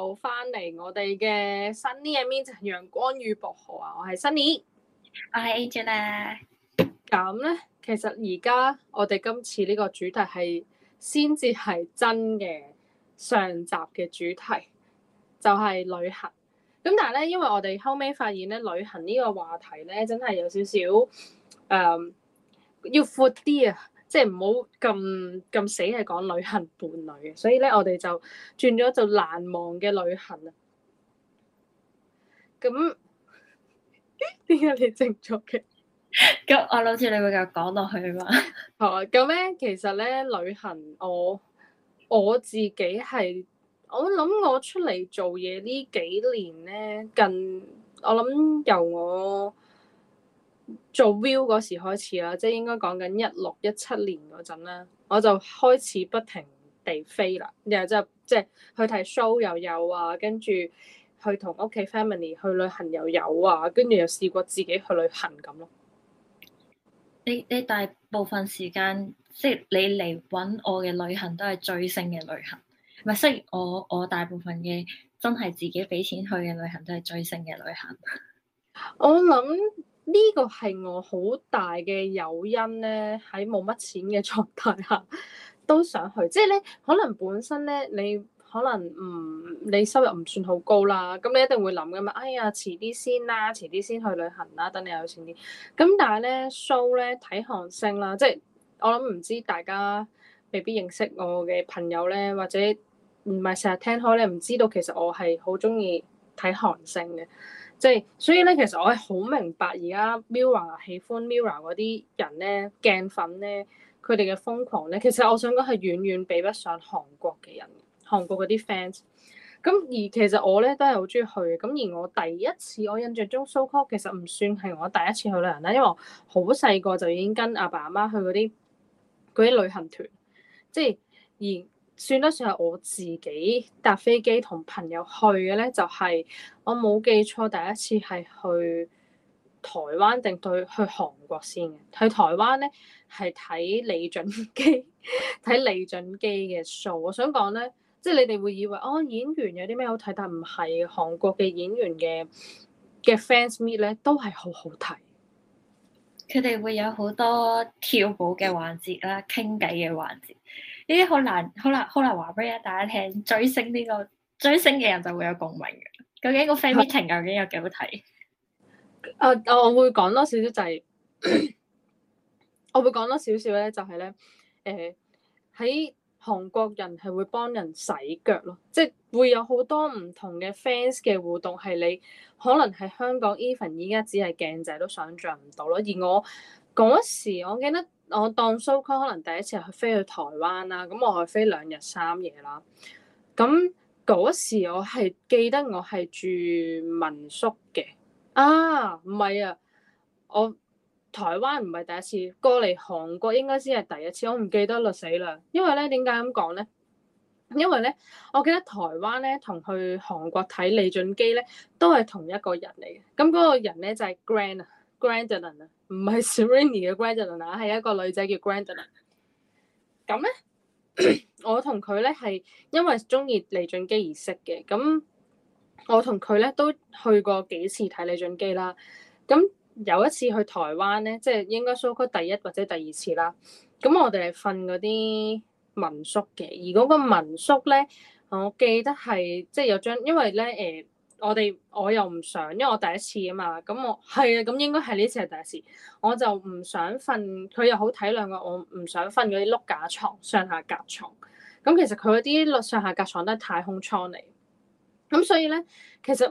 又翻嚟我哋嘅 Sunny，n Mint 就係《陽光與薄荷》啊！我係 Sunny，我係 Angela 咁咧，其實而家我哋今次呢個主題係先至係真嘅上集嘅主題，就係、是、旅行。咁但係咧，因為我哋後尾發現咧，旅行呢個話題咧，真係有少少誒、呃，要闊啲啊！即係唔好咁咁死係講旅行伴侶嘅，所以咧我哋就轉咗做難忘嘅旅行 啊！咁點解你靜咗嘅？咁我諗住你會繼續講落去啊嘛。好啊，咁咧其實咧旅行我我自己係我諗我出嚟做嘢呢幾年咧近我諗由我。做 view 嗰時開始啦，即係應該講緊一六一七年嗰陣啦，我就開始不停地飛啦，然後就即係去睇 show 又有啊，跟住去同屋企 family 去旅行又有啊，跟住又試過自己去旅行咁咯。你你大部分時間即係、就是、你嚟揾我嘅旅行都係追星嘅旅行？咪係，雖然我我大部分嘅真係自己俾錢去嘅旅行都係追星嘅旅行。我諗。呢個係我好大嘅誘因咧，喺冇乜錢嘅狀態下都想去。即係咧，可能本身咧，你可能唔、嗯，你收入唔算好高啦，咁你一定會諗噶嘛。哎呀，遲啲先啦，遲啲先去旅行啦，等你有錢啲。咁但係咧，show 咧睇韓星啦，即係我諗唔知大家未必認識我嘅朋友咧，或者唔係成日聽開咧，唔知道其實我係好中意睇韓星嘅。即係，所以咧，其實我係好明白而家 Mirror 喜歡 Mirror 嗰啲人咧，鏡粉咧，佢哋嘅瘋狂咧，其實我想講係遠遠比不上韓國嘅人，韓國嗰啲 fans。咁而其實我咧都係好中意去嘅。咁而我第一次我印象中 so call 其實唔算係我第一次去旅行啦，因為我好細個就已經跟阿爸阿媽，媽去嗰啲嗰啲旅行團，即、就、係、是、而。算得算係我自己搭飛機同朋友去嘅咧、就是，就係我冇記錯第一次係去台灣定對去韓國先嘅。去台灣咧係睇李準基，睇李準基嘅 show。我想講咧，即係你哋會以為哦演員有啲咩好睇，但唔係韓國嘅演員嘅嘅 fans meet 咧都係好好睇。佢哋會有好多跳舞嘅環節啦，傾偈嘅環節。呢啲好難，好難，好難話俾啊大家聽。追星呢、呢個追星嘅人就會有共鳴嘅。究竟個 fan meeting、啊 fan meeting 究竟有幾好睇？啊，我會講多少少就係、係， 我會講多少少咧，就係咧，誒喺韓國人係會幫人洗腳咯，即、就、係、係、會有好多唔同嘅 fans 嘅互動，係你可能係香港 event 依家只係鏡仔都想象唔到咯。而我嗰時我記得。我當 showcase 可能第一次去飛去台灣啦，咁我係飛兩日三夜啦。咁嗰時我係記得我係住民宿嘅。啊，唔係啊，我台灣唔係第一次過嚟韓國，應該先係第一次，我唔記得啦死啦。因為咧點解咁講咧？因為咧，我記得台灣咧同去韓國睇李俊基咧都係同一個人嚟嘅。咁嗰個人咧就係、是、Gran 啊。Granddonna 啊，唔係 Serenie 嘅 Granddonna 啊，係一個女仔叫 Granddonna。咁咧，我同佢咧係因為中意李俊基而識嘅。咁我同佢咧都去過幾次睇李俊基啦。咁有一次去台灣咧，即係應該 search 第一或者第二次啦。咁我哋係瞓嗰啲民宿嘅，而嗰個民宿咧，我記得係即係有張，因為咧誒。呃我哋我又唔想，因為我第一次啊嘛，咁我係啊，咁應該係呢次係第一次，我就唔想瞓，佢又好體諒我，我唔想瞓嗰啲碌架床，上下隔床。咁其實佢嗰啲上下隔床都係太空艙嚟，咁所以咧其實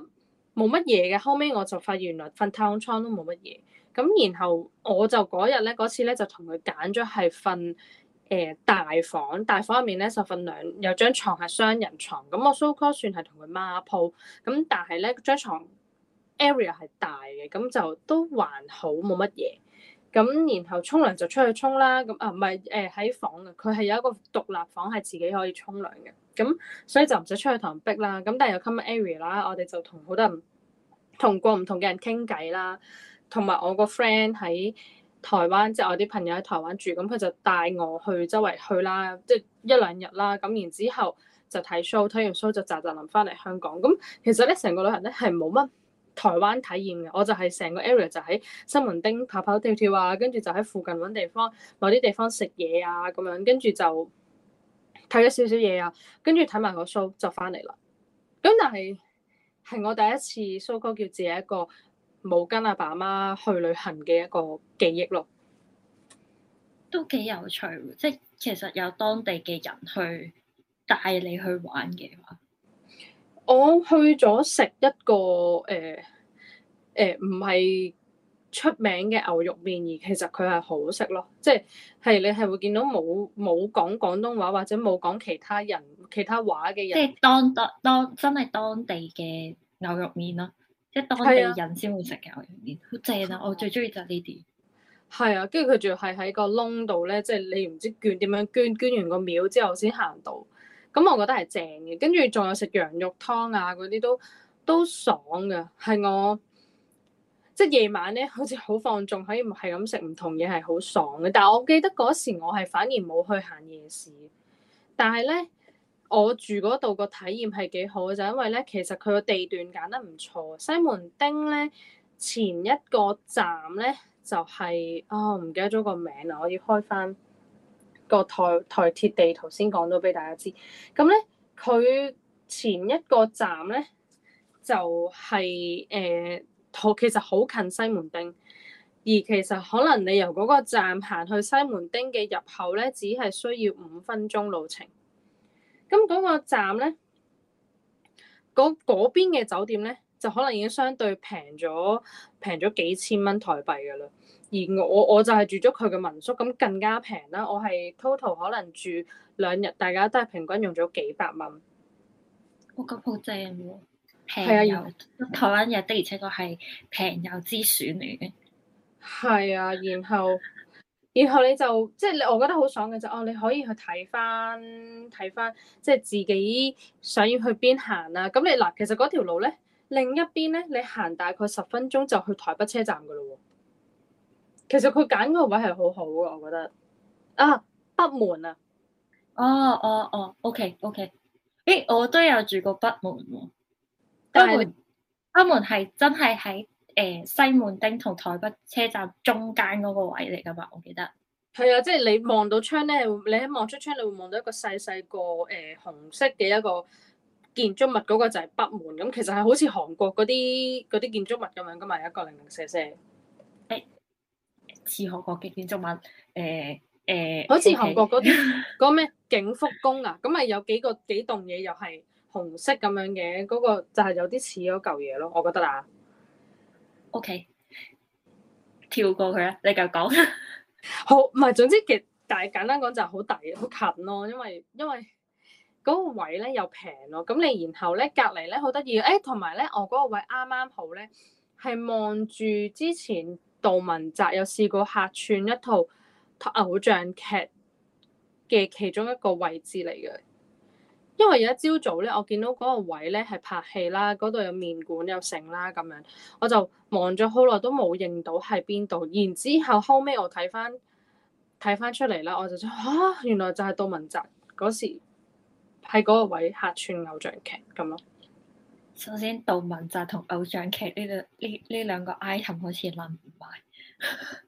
冇乜嘢嘅，後尾我就發現原來瞓太空艙都冇乜嘢，咁然後我就嗰日咧嗰次咧就同佢揀咗係瞓。誒、呃、大房，大房入面咧就分兩有張床係雙人床，咁我 so call 算係同佢孖鋪，咁但係咧張床 area 係大嘅，咁就都還好冇乜嘢。咁然後沖涼就出去沖啦，咁啊唔係誒喺房啊，佢係、呃、有一個獨立房係自己可以沖涼嘅，咁所以就唔使出去同人逼啦。咁但係有 common area 啦，我哋就同好多人同過唔同嘅人傾偈啦，同埋我個 friend 喺。台灣即係、就是、我啲朋友喺台灣住，咁佢就帶我去周圍去啦，即、就、係、是、一兩日啦。咁然之後，後就睇 show，睇完 show 就嗱嗱臨翻嚟香港。咁其實咧，成個旅行咧係冇乜台灣體驗嘅，我就係成個 area 就喺西門町跑跑跳跳啊，跟住就喺附近搵地方，某啲地方食嘢啊咁樣，跟住就睇咗少少嘢啊，跟住睇埋個 show 就翻嚟啦。咁但係係我第一次 show 哥叫自己一個。冇跟阿爸媽去旅行嘅一個記憶咯，都幾有趣。即係其實有當地嘅人去帶你去玩嘅話，我去咗食一個誒誒，唔係出名嘅牛肉麵，而其實佢係好食咯。即係係你係會見到冇冇講廣東話或者冇講其他人其他話嘅人，即係當當當真係當地嘅牛肉麵咯。一當地人先會食嘅，好正啊！哦，我最中意就呢啲，係啊，跟住佢仲要係喺個窿度咧，即係你唔知捐點樣捐，捐完個廟之後先行到，咁我覺得係正嘅。跟住仲有食羊肉湯啊，嗰啲都都爽噶，係我即係夜晚咧，好似好放縱，可以係咁食唔同嘢，係好爽嘅。但係我記得嗰時我係反而冇去行夜市，但係咧。我住嗰度個體驗係幾好嘅，就係因為咧，其實佢個地段揀得唔錯。西門町咧前一個站咧就係、係、啊，唔記得咗個名啊，我要開翻個台台鐵地圖先講到俾大家知。咁咧佢前一個站咧就係、係、誒，好、呃、其實好近西門町。而其實可能你由嗰個站行去西門町嘅入口咧，只係需要五分鐘路程。咁嗰個站咧，嗰邊嘅酒店咧，就可能已經相對平咗平咗幾千蚊台幣嘅啦。而我我就係住咗佢嘅民宿，咁更加平啦。我係 total 可能住兩日，大家都係平均用咗幾百蚊。我覺得好正喎，係啊，又為台灣日的，而且確係平又之選嚟嘅。係啊，然後。 然後你就即係你，就是、我覺得好爽嘅就哦，你可以去睇翻睇翻，即係、就是、自己想要去邊行啊。咁你嗱，其實嗰條路咧，另一邊咧，你行大概十分鐘就去台北車站嘅咯喎。其實佢揀個位係好好嘅，我覺得。啊，北門啊！哦哦哦，OK OK、欸。誒，我都有住過北門喎。北門、啊，是北門係真係喺。誒，西門町同台北車站中間嗰個位嚟噶嘛？我記得係啊，即係、就是、你望到窗咧，嗯、你一望出窗，你會望到一個細細個誒紅色嘅一個建築物，嗰、那個就係北門。咁其實係好似韓國嗰啲啲建築物咁樣噶嘛，一個零零舍舍誒，似韓國嘅建築物誒誒，好似韓國嗰啲嗰咩景福宮啊，咁咪有幾個幾棟嘢又係紅色咁樣嘅，嗰個就係有啲似嗰嚿嘢咯，我覺得啊。O、okay. K，跳過佢啦，你繼續講。 好，唔係，總之其，但係簡單講就係好抵，好近咯、哦，因為因為嗰個位咧又平咯，咁你然後咧隔籬咧好得意，誒，同埋咧我嗰個位啱啱好咧係望住之前杜汶澤有試過客串一套偶像劇嘅其中一個位置嚟嘅。因為有一朝早咧，我見到嗰個位咧係拍戲啦，嗰度有麵館有城啦咁樣，我就望咗好耐都冇認到係邊度。然之後後尾我睇翻睇翻出嚟啦，我就想啊、哦，原來就係杜汶澤嗰時喺嗰個位客串偶像劇咁咯。首先，杜汶澤同偶像劇呢度呢呢兩個 item 好似諗唔埋。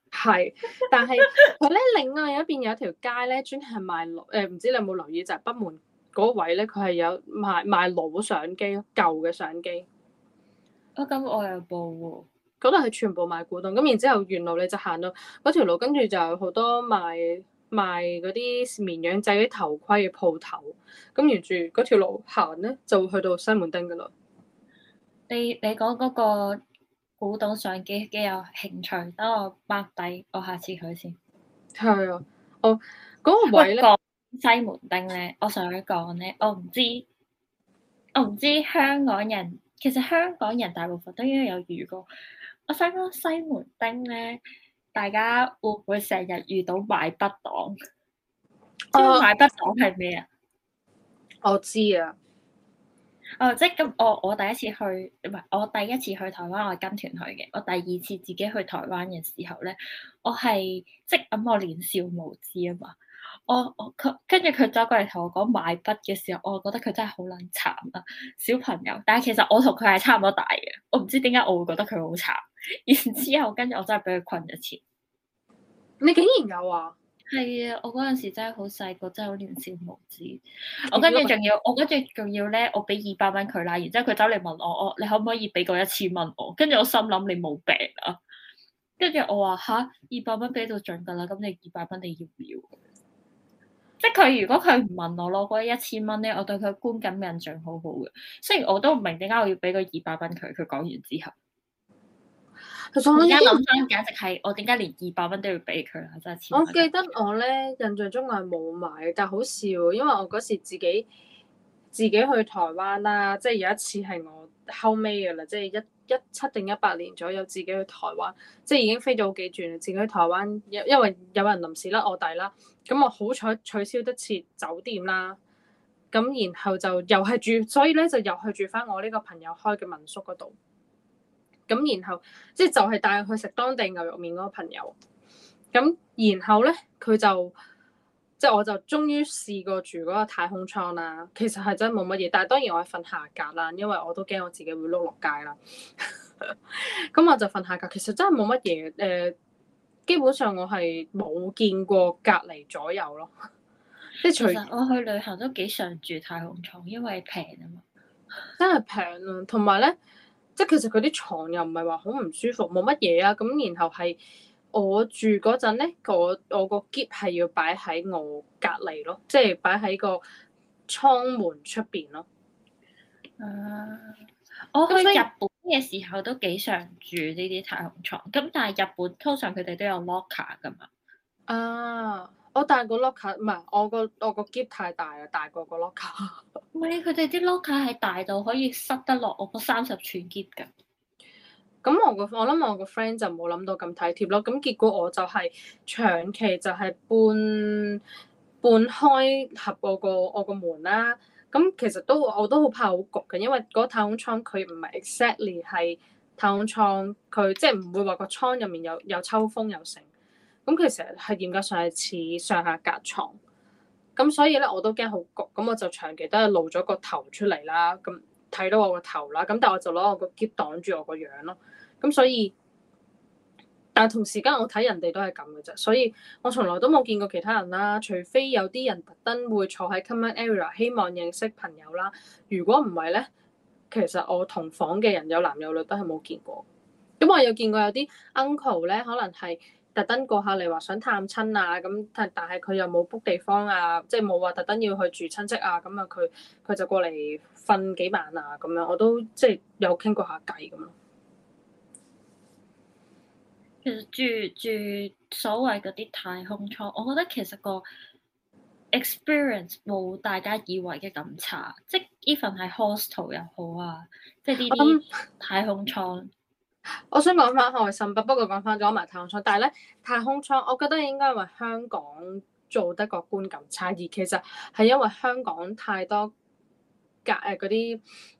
係 ，但係佢咧另外一邊有條街咧，專係賣誒，唔、呃、知你有冇留意就係北門。嗰位咧，佢係有賣賣老相機咯，舊嘅相機。哦、我啊，咁我又冇喎。嗰度係全部賣古董，咁然之後沿路你就行到嗰條路，跟住就有好多賣賣嗰啲綿羊仔、啲頭盔嘅鋪頭。咁沿住嗰條路行咧，就會去到西門町噶啦。你你講嗰個古董相機幾有興趣？等我拍底，我下次去先。係啊，我嗰、那個位咧。西門町咧，我想講咧，我唔知，我唔知香港人其實香港人大部分都應該有遇過。我想講西門町咧，大家會唔會成日遇到買筆黨？哦，買筆黨係咩啊？我知啊。哦，即係咁，我我第一次去唔係，我第一次去台灣，我係跟團去嘅。我第二次自己去台灣嘅時候咧，我係即係咁，我年少無知啊嘛。我我佢跟住佢走過嚟同我講買筆嘅時候，我覺得佢真係好撚慘啊，小朋友。但係其實我同佢係差唔多大嘅，我唔知點解我會覺得佢好慘。然之後跟住我真係俾佢困一次。你竟然有啊？係啊，我嗰陣時真係好細個，真係好年少無知。的我跟住仲要，我跟住仲要咧，我俾二百蚊佢啦。然之後佢走嚟問我，我、哦、你可唔可以俾個一千蚊我？跟住我心諗，你冇病啊。跟住我話吓，二百蚊俾到盡㗎啦，咁你二百蚊你要唔要？即係佢如果佢唔問我攞嗰一千蚊咧，我對佢觀感印象好好嘅。雖然我都唔明點解我要俾個二百蚊佢，佢講完之後，而家諗返簡直係我點解連二百蚊都要俾佢啊！真係，我記得我咧印象中係冇買，但係好笑、哦，因為我嗰時自己自己去台灣啦，即係有一次係我。後尾嘅啦，即係一一七定一八年左右，自己去台灣，即係已經飛咗好幾轉。自己去台灣，因因為有人臨時甩我底啦，咁我好彩取消得切酒店啦。咁然後就又係住，所以咧就又係住翻我呢個朋友開嘅民宿嗰度。咁然後即係就係帶佢去食當地牛肉麵嗰個朋友。咁然後咧，佢就。即係我就終於試過住嗰個太空艙啦，其實係真冇乜嘢，但係當然我係瞓下格啦，因為我都驚我自己會碌落街啦。咁、 嗯、我就瞓下格，其實真係冇乜嘢誒，基本上我係冇見過隔離左右咯，即係除其實我去旅行都幾常住太空艙，因為平啊嘛， 真係平咯，同埋咧，即係其實佢啲床又唔係話好唔舒服，冇乜嘢啊，咁然後係。我住嗰陣咧，我我個篋係要擺喺我隔離咯，即係擺喺個倉門出邊咯。啊！我去日本嘅時候都幾常住呢啲太空床，咁但係日本通常佢哋都有 locker 㗎嘛？啊！我大過個 locker，唔係，我個我個篋太大啊，大過個 locker。唔係，佢哋啲 locker 係大到可以塞得落我個三十寸篋㗎。咁我個我諗我個 friend 就冇諗到咁體貼咯，咁結果我就係長期就係半半開合我個我個門啦。咁其實都我都好怕好焗嘅，因為嗰太空艙佢唔係 exactly 係太空艙，佢即係唔會話個艙入面有有抽風有成。咁其實係嚴格上係似上下隔床。咁所以咧我都驚好焗，咁我就長期都係露咗個頭出嚟啦。咁。睇到我個頭啦，咁但係我就攞我個夾擋住我個樣咯，咁所以，但係同時間我睇人哋都係咁嘅啫，所以我從來都冇見過其他人啦，除非有啲人特登會坐喺 common area 希望認識朋友啦，如果唔係咧，其實我同房嘅人有男有女都係冇見過，咁我有見過有啲 uncle 咧，可能係。特登過下嚟話想探親啊，咁但但係佢又冇 book 地方啊，即係冇話特登要去住親戚啊，咁啊佢佢就過嚟瞓幾晚啊咁樣，我都即係有傾過下偈咁咯。其實住住所謂嗰啲太空艙，我覺得其實個 experience 冇大家以為嘅咁差，即係 even 係 hostel 又好啊，即係呢啲太空艙。Um, 我想講翻開心不？不過講翻咗埋太空倉，但係咧太空倉，我覺得應該係香港做得個觀感差異，其實係因為香港太多隔誒嗰啲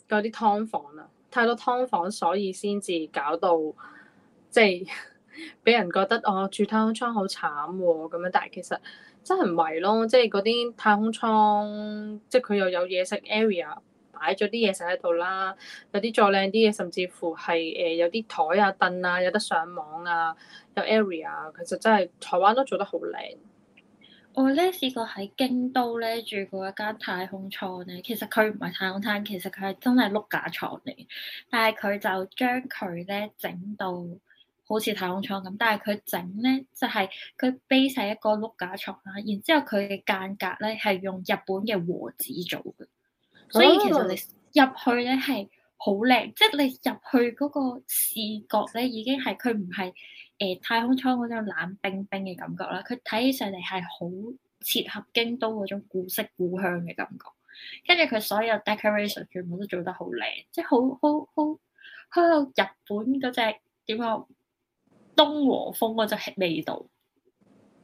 嗰啲劏房啦，太多劏房，所以先至搞到即係俾人覺得哦住太空倉好慘咁樣，但係其實真係唔係咯，即係嗰啲太空倉，即係佢又有嘢食 area。擺咗啲嘢食喺度啦，有啲再靚啲嘢，甚至乎係誒、呃、有啲台啊、凳啊，有得上網啊，有 area 啊，其實真係台灣都做得好靚。我咧試過喺京都咧住過一間太空艙咧，其實佢唔係太空艙，其實佢係真係碌架牀嚟，但係佢就將佢咧整到好似太空艙咁，但係佢整咧就係佢 base 係一個碌架牀啦，然之後佢嘅間隔咧係用日本嘅和紙做嘅。所以其實你入去咧係好靚，即係你入去嗰個視覺咧已經係佢唔係誒太空艙嗰種冷冰冰嘅感覺啦，佢睇起上嚟係好切合京都嗰種古色古香嘅感覺，跟住佢所有 decoration 全部都做得好靚，即係好好好好有日本嗰隻點講東和風嗰隻味道，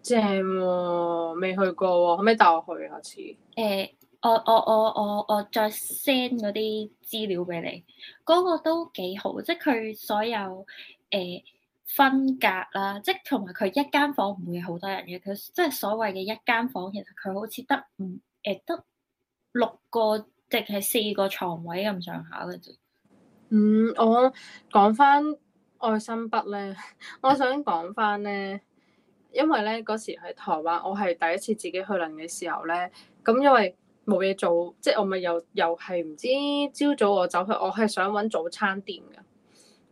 正喎，未去過喎，可唔可以帶我去一次？誒。我我我我我再 send 嗰啲資料俾你，嗰個都幾好，即係佢所有誒分隔啦，即係同埋佢一間房唔會有好多人嘅，佢即係所謂嘅一間房，其實佢好似得五誒得六個，定係四個床位咁上下嘅啫。嗯，我講翻愛心筆咧，我想講翻咧，因為咧嗰時喺台灣，我係第一次自己去輪嘅時候咧，咁因為。冇嘢做，即係我咪又又係唔知，朝早我走去，我係想揾早餐店嘅，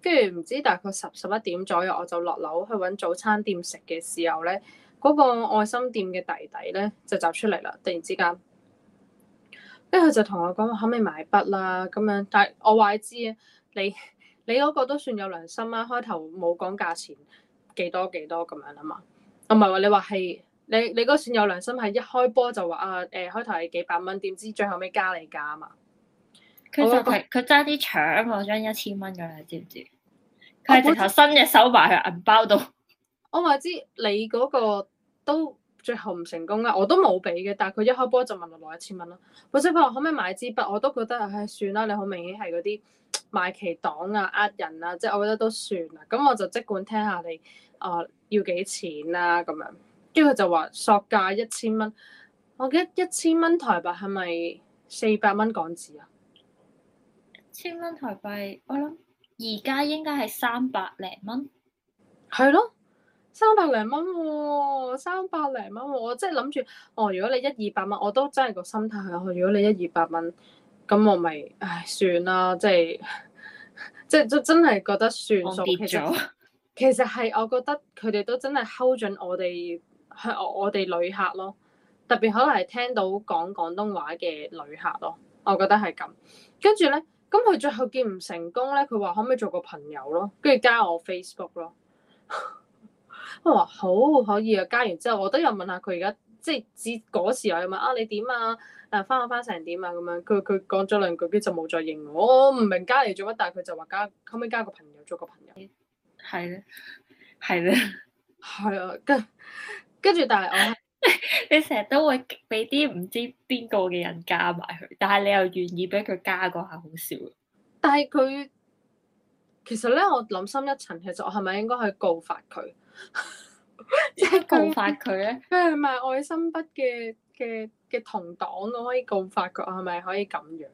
跟住唔知大概十十一點左右，我就落樓去揾早餐店食嘅時候咧，嗰個愛心店嘅弟弟咧就走出嚟啦，突然之間，跟住佢就同我講可唔可以買筆啦咁樣，但係我話你知啊，你你嗰個都算有良心啦，啊，開頭冇講價錢幾多幾多咁樣啊嘛，唔係話你話係。你你嗰算有良心，係一開波就話啊誒，開頭係幾百蚊，點知最後尾加你價啊嘛？佢就佢揸啲搶，我張一千蚊噶你，知唔知？佢係直頭伸隻手埋去銀包度。我話不知你嗰個都最後唔成功嘅，我都冇俾嘅。但係佢一開波就問我攞一千蚊咯。本身話可唔可以買支筆？我都覺得唉、哎、算啦，你好明顯係嗰啲賣旗黨啊、呃人啊，即係我覺得都算啦。咁我就即管聽，聽下你、呃、啊，要幾錢呀咁樣。跟住佢就話索價一千蚊，我記得一千蚊台幣係咪四百蚊港紙啊？千蚊台幣，我諗而家應該係三百零蚊，係咯，三百零蚊喎，三百零蚊喎，即係諗住哦。如果你一二百蚊，我都真係個心態係哦。如果你一二百蚊，咁我咪唉、哎、算啦，即係即係都真係覺得算數，其、嗯、其實係我覺得佢哋都真係睺準我哋，係我哋旅客咯，特別可能係聽到講廣東話嘅旅客咯，我覺得係咁。跟住咧，咁佢最後見唔成功咧，佢話可唔可以做個朋友咯？跟住加我 Facebook 咯。佢 話好可以啊，加完之後我都有問下佢而家，即係至嗰時候又問啊你點啊？誒翻下翻成點啊？咁、啊、樣佢佢講咗兩句，跟住就冇再應我。我唔明加嚟做乜，但係佢就話加可唔可以加個朋友做個朋友。係咧，係咧，係 啊，跟。跟住，但係我 你成日都會俾啲唔知邊個嘅人加埋佢，但係你又願意俾佢加，個下好笑。但係佢其實咧，我諗深一層，其實我係咪應該去告發佢？ 即係告發佢咧？佢係咪愛心筆嘅嘅嘅同黨？我可以告發佢，係咪可以咁樣？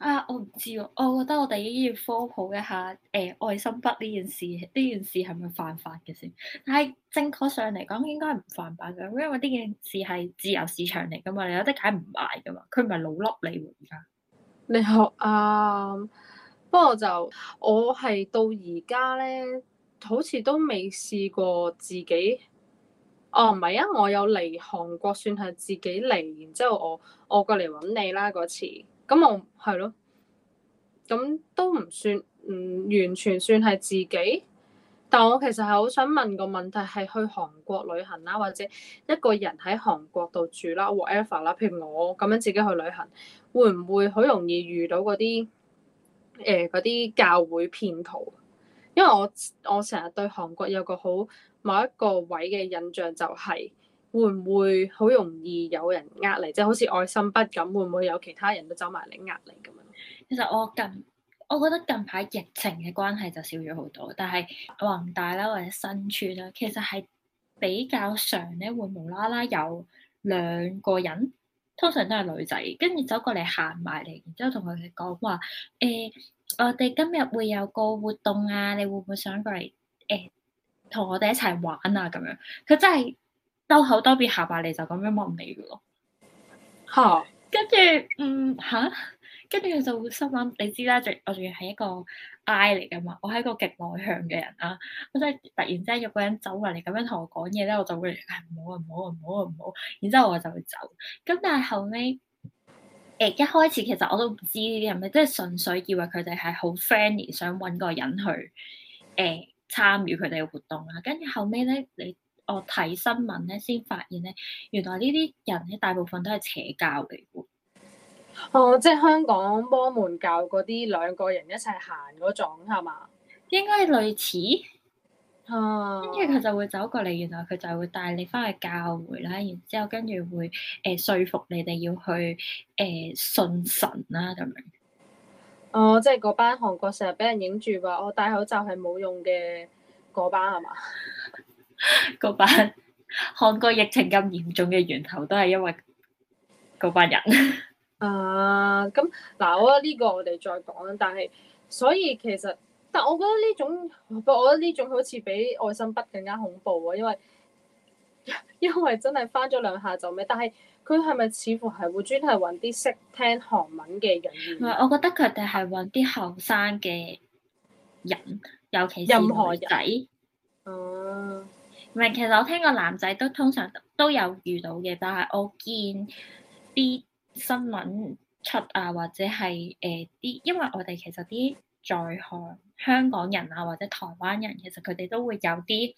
啊！我唔知喎，我覺得我哋應該要科普一下，誒、呃、愛心筆呢件事，呢件事係咪犯法嘅先？但係正確上嚟講，應該唔犯法嘅，因為呢件事係自由市場嚟㗎嘛，你有得解唔埋㗎嘛，佢唔係老笠你喎。而家你學啊，不過我就我係到而家咧，好似都未試過自己。哦，唔係啊，我有嚟韓國，算係自己嚟，然之後我我過嚟揾你啦嗰次。咁我係咯，咁都唔算唔、嗯、完全算係自己，但我其實係好想問個問題係去韓國旅行啦、啊，或者一個人喺韓國度住啦、啊，whatever 啦、啊，譬如我咁樣自己去旅行，會唔會好容易遇到嗰啲誒啲教會騙徒？因為我我成日對韓國有個好某一個位嘅印象就係、是。會唔會好容易有人呃你？即係好似愛心筆咁，會唔會有其他人都走埋嚟呃你咁樣？其實我近我覺得近排疫情嘅關係就少咗好多，但係唔大啦或者新村啦，其實係比較常咧會無啦啦有兩個人，通常都係女仔，跟住走過嚟行埋嚟，然之後同佢哋講話：誒，我哋今日會有個活動啊，你會唔會想過嚟誒同我哋一齊玩啊？咁樣佢真係。收口多啲下巴你就咁樣望你嘅咯。吓，跟住、啊、嗯吓。跟住佢就會心諗，你知啦，我仲要係一個 I 嚟噶嘛，我係一個極內向嘅人啊，我所以突然之間有個人走嚟咁樣同我講嘢咧，我就會唉唔好啊唔好啊唔好啊唔好，然之後我就會走，咁但係後尾，誒、欸、一開始其實我都唔知呢啲係咪即係純粹以為佢哋係好 friendly 想搵個人去誒參與佢哋嘅活動啦，跟住後尾咧你。我睇新聞咧，先發現咧，原來呢啲人咧大部分都係邪教嚟嘅。哦，即係香港摩門教嗰啲兩個人一齊行嗰種係嘛？應該係類似。哦、嗯。跟住佢就會走過嚟，原來佢就會帶你翻去教會啦。然之後跟住會誒、呃、說服你哋要去誒、呃、信神啦、啊、咁樣。哦，即係嗰班韓國成日俾人影住話，我戴口罩係冇用嘅嗰班係嘛？嗰 班韓國疫情咁嚴重嘅源頭，都係因為嗰班人啊。咁 嗱、uh, 嗯，我覺得呢個我哋再講，但係所以其實，但我覺得呢種我覺得呢種好似比愛心筆更加恐怖啊，因為因為真係翻咗兩下就咩。但係佢係咪似乎係會專係揾啲識聽韓文嘅人員？唔係，我覺得佢哋係揾啲後生嘅人，尤其是仔哦。唔係，其實我聽過男仔都通常都有遇到嘅，但係我見啲新聞出啊，或者係誒啲，因為我哋其實啲在韓香港人啊，或者台灣人，其實佢哋都會有啲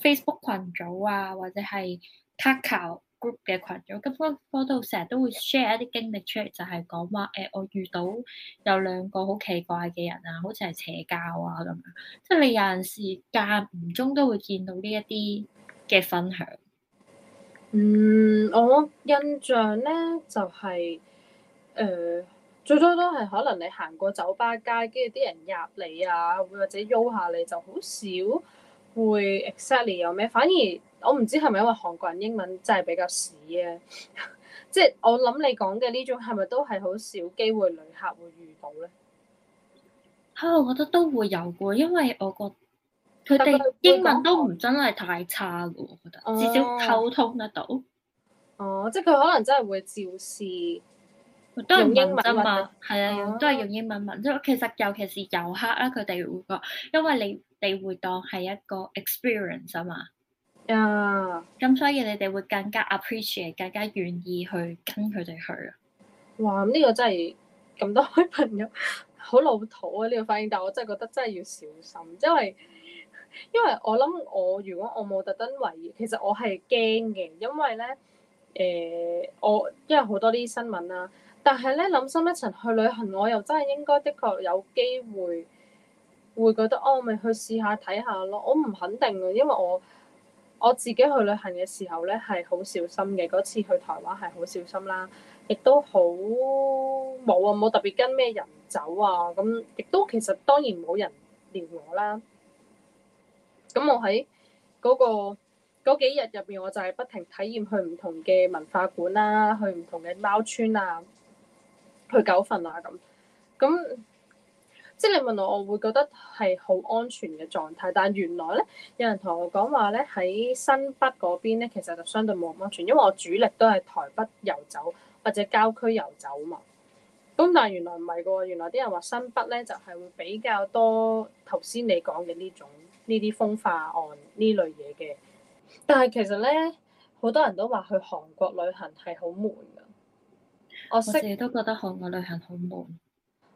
Facebook 群組啊，或者係 Kakao group 嘅群組，咁我嗰度成日都會 share 一啲經歷出嚟，就係講話誒，我遇到有兩個好奇怪嘅人啊，好似係邪教啊咁樣，即係你有陣時間唔中都會見到呢一啲嘅分享。嗯，我印象咧就係、是、誒、呃、最初都係可能你行過酒吧街，跟住啲人入你啊，或者喐下你就好少會 exactly 有咩，反而。我唔知係咪因為韓國人英文真係比較屎啊！即 係我諗你講嘅呢種係咪都係好少機會旅客會遇到咧？嚇！Oh，我覺得都會有嘅，因為我覺佢哋英文都唔真係太差嘅，我覺得至少溝通得到。哦，oh. oh, 即係佢可能真係會照都試用英文㗎嘛？係啊，都係用英文問，oh。其實尤其是遊客咧，佢哋會覺，因為你哋會當係一個 experience 啊嘛。啊！咁、yeah. 所以你哋會更加 appreciate，更加願意去跟佢哋去啊！哇！呢、呢個真係咁多朋友好老土啊！呢、呢個反應，但我真係覺得真係要小心，因為因為我諗我如果我冇特登懷疑，其實我係驚嘅，因為咧誒、呃、我因為好多呢啲新聞啦、啊，但係咧諗深一層去旅行，我又真係應該的確有機會會覺得哦，咪去試下睇下咯，我唔肯定嘅，因為我。我自己去旅行嘅時候咧，係好小心嘅。嗰次去台灣係好小心啦，亦都好冇啊，冇特別跟咩人走啊。咁亦都其實當然冇人撩我啦。咁我喺嗰個嗰幾日入邊，我就係不停體驗去唔同嘅文化館啦、啊，去唔同嘅貓村啊，去狗墳啊咁。咁即係你問我，我會覺得係好安全嘅狀態，但係原來咧，有人同我講話咧，喺新北嗰邊咧，其實就相對冇咁安全，因為我主力都係台北遊走或者郊區遊走啊嘛。咁但係原來唔係喎，原來啲人話新北咧就係會比較多頭先你講嘅呢種呢啲風化案呢類嘢嘅。但係其實咧，好多人都話去韓國旅行係好悶㗎。我識我自己都覺得韓國旅行好悶。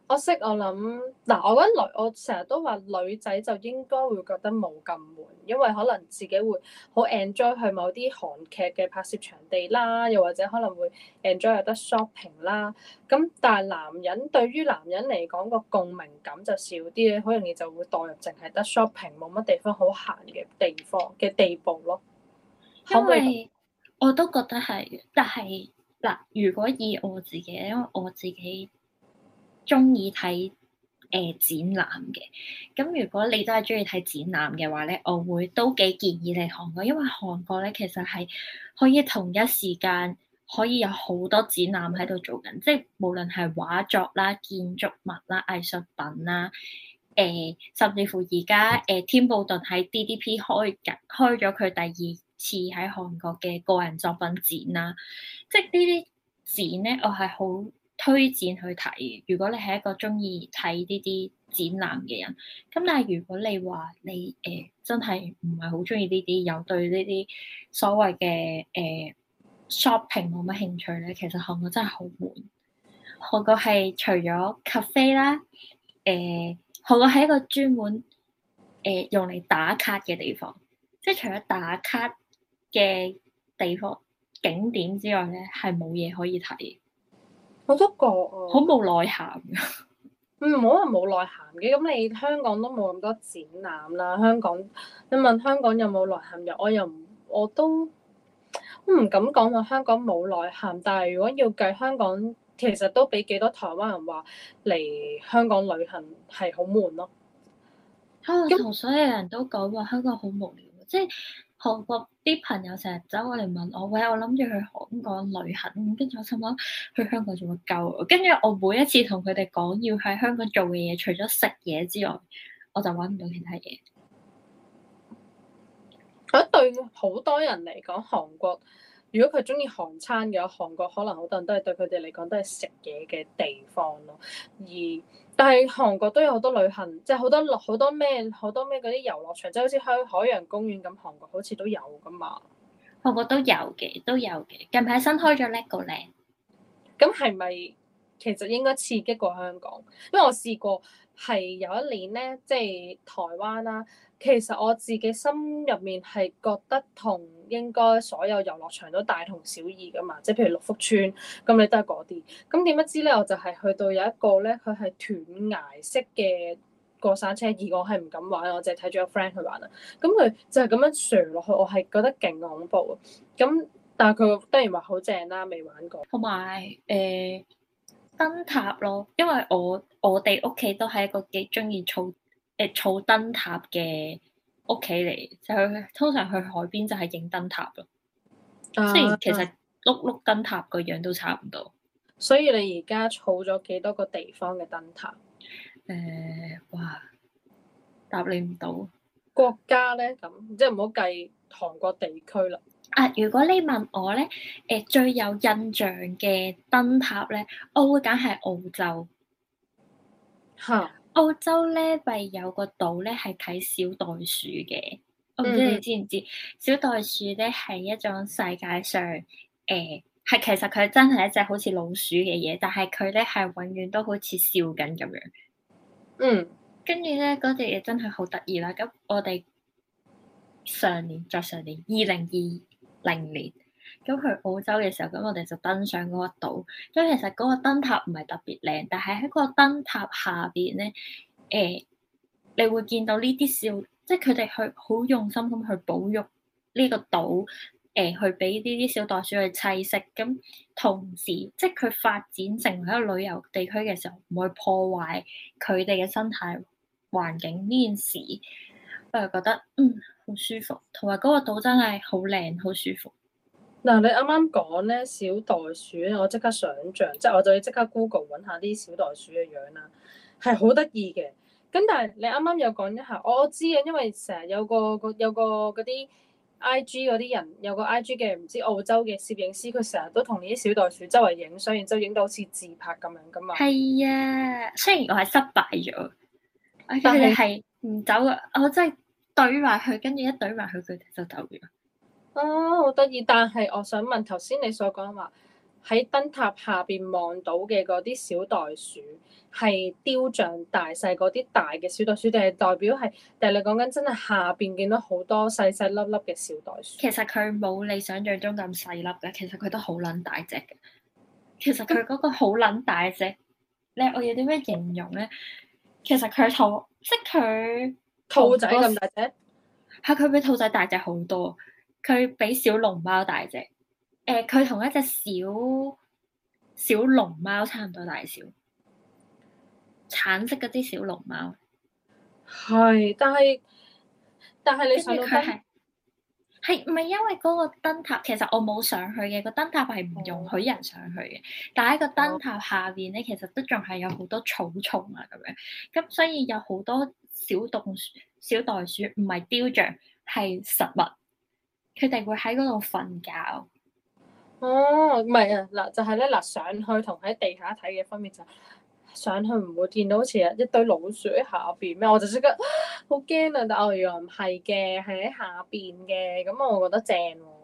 我識我諗嗱，我覺得女，我成日都話女仔就應該會覺得冇咁悶，因為可能自己會好 enjoy 去某啲韓劇嘅拍攝場地啦，又或者可能會 enjoy 有得 shopping 啦。咁但係男人對於男人嚟講個共鳴感就少啲咧，好容易就會代入淨係得 shopping 冇乜地方好行嘅地方嘅地步咯。因為可可我都覺得係，但係嗱，如果以我自己，因為我自己。中意睇誒展覽嘅，咁如果你都係中意睇展覽嘅話咧，我會都幾建議你韓國，因為韓國咧其實係可以同一時間可以有好多展覽喺度做緊，即係無論係畫作啦、建築物啦、藝術品啦，誒、呃、甚至乎而家誒添布頓喺 DDP 開緊開咗佢第二次喺韓國嘅個人作品展啦，即係呢啲展咧我係好推薦去睇，如果你係一個中意睇呢啲展覽嘅人，咁但係如果你話你誒、呃、真係唔係好中意呢啲，有對呢啲所謂嘅誒、呃、shopping 冇乜興趣咧，其實韓國真係好悶。韓國係除咗 cafe 啦、呃，誒，韓國係一個專門誒、呃、用嚟打卡嘅地方，即係除咗打卡嘅地方景點之外咧，係冇嘢可以睇。我都覺啊，好冇內涵嘅。唔好話冇內涵嘅，咁你香港都冇咁多展覽啦。香港，你問香港有冇內涵又，我又唔，我都唔敢講話香港冇內涵。但係如果要計香港，其實都俾幾多台灣人話嚟香港旅行係好悶咯。香港同所有人都講話香港好無聊，即係。韓國啲朋友成日走過嚟問我，喂，我諗住去香港旅行，跟住我心諗去香港做乜夠？跟住我每一次同佢哋講要喺香港做嘅嘢，除咗食嘢之外，我就揾唔到其他嘢。我覺得對好多人嚟講，韓國如果佢中意韓餐嘅，韓國可能好多人都係對佢哋嚟講都係食嘢嘅地方咯，而。但係韓國都有好多旅行，即係好多好多咩，好多咩嗰啲遊樂場，即係好似香海洋公園咁，韓國好似都有㗎嘛。韓國都有嘅，都有嘅。近排新開咗呢個咧，咁係咪其實應該刺激過香港？因為我試過。係有一年咧，即係台灣啦，啊。其實我自己心入面係覺得同應該所有遊樂場都大同小異噶嘛，即係譬如六福村，咁你都係嗰啲。咁點不知咧，我就係去到有一個咧，佢係斷崖式嘅過山車，而我係唔敢玩，我淨係睇住個 friend 去玩啦。咁佢就係咁樣瀡落去，我係覺得勁恐怖啊！咁但係佢當然話好正啦，未玩過。同埋誒。欸燈塔咯，因為我我哋屋企都係一個幾中意儲誒儲燈塔嘅屋企嚟，就通常去海邊就係影燈塔咯。Uh, 雖然其實碌碌燈塔個樣都差唔多。所以你而家儲咗幾多個地方嘅燈塔？誒、呃，哇，答你唔到。國家咧咁，即係唔好計韓國地區啦。啊！如果你問我咧，誒、呃、最有印象嘅燈塔咧，我會揀係澳洲。嚇！Huh. 澳洲咧，咪有個島咧，係睇小袋鼠嘅。我唔知你知唔知？嗯、小袋鼠咧係一種世界上誒，係、呃、其實佢真係一隻好似老鼠嘅嘢，但係佢咧係永遠都好似笑緊咁樣。嗯。跟住咧，嗰隻嘢真係好得意啦！咁我哋上年再上年二零二。2022, 零年咁去澳洲嘅時候，咁我哋就登上嗰個島。因為其實嗰個燈塔唔係特別靚，但係喺個燈塔下邊咧，誒、呃，你會見到呢啲小，即係佢哋去好用心咁去保育呢個島，誒、呃，去俾呢啲小袋鼠去棲息。咁同時，即係佢發展成為一個旅遊地區嘅時候，唔會破壞佢哋嘅生態環境呢件事，我就覺得嗯。好舒服，同埋嗰個島真係好靚，好舒服。嗱、啊，你啱啱講咧小袋鼠，我即刻想象，即係我就要即刻 Google 搵下啲小袋鼠嘅樣啦，係好得意嘅。咁但係你啱啱又講一下，我知啊，因為成日有個有個嗰啲 I G 嗰啲人，有個 I G 嘅唔知澳洲嘅攝影師，佢成日都同啲小袋鼠周圍影，所以然之後影到好似自拍咁樣噶嘛。係啊，雖然我係失敗咗，但係係唔是走啊！我真係。懟埋佢，跟住一懟埋佢，佢就走咗。哦，好得意！但係我想問，頭先你所講話喺燈塔下邊望到嘅嗰啲小袋鼠，係雕像大細嗰啲大嘅小袋鼠，定係代表係？定係你講緊真係下邊見到好多細細粒粒嘅小袋鼠？其實佢冇你想象中咁細粒嘅，其實佢都好撚大隻嘅。其實佢嗰個好撚大隻， 你我要點樣形容咧？其實佢同即係佢。兔仔咁大隻，係佢、啊、比兔仔大隻好多，佢比小龍貓大隻。誒、呃，佢同一隻小小龍貓差唔多大小，橙色嗰啲小龍貓。係，但係但係你見佢係係唔係因為嗰個燈塔？其實我冇上去嘅，個燈塔係唔容許人上去嘅。哦、但係個燈塔下邊咧，其實都仲係有好多草叢啊咁樣，咁所以有好多。小洞小袋鼠唔係雕像，係實物。佢哋會喺嗰度瞓覺。哦，唔係啊，嗱就係、是、咧，嗱上去同喺地下睇嘅方面就係、上去唔會見到好似一堆老鼠喺下邊咩？我就識得好驚啊！但係我原來唔係嘅，係喺下邊嘅，咁我覺得正、啊。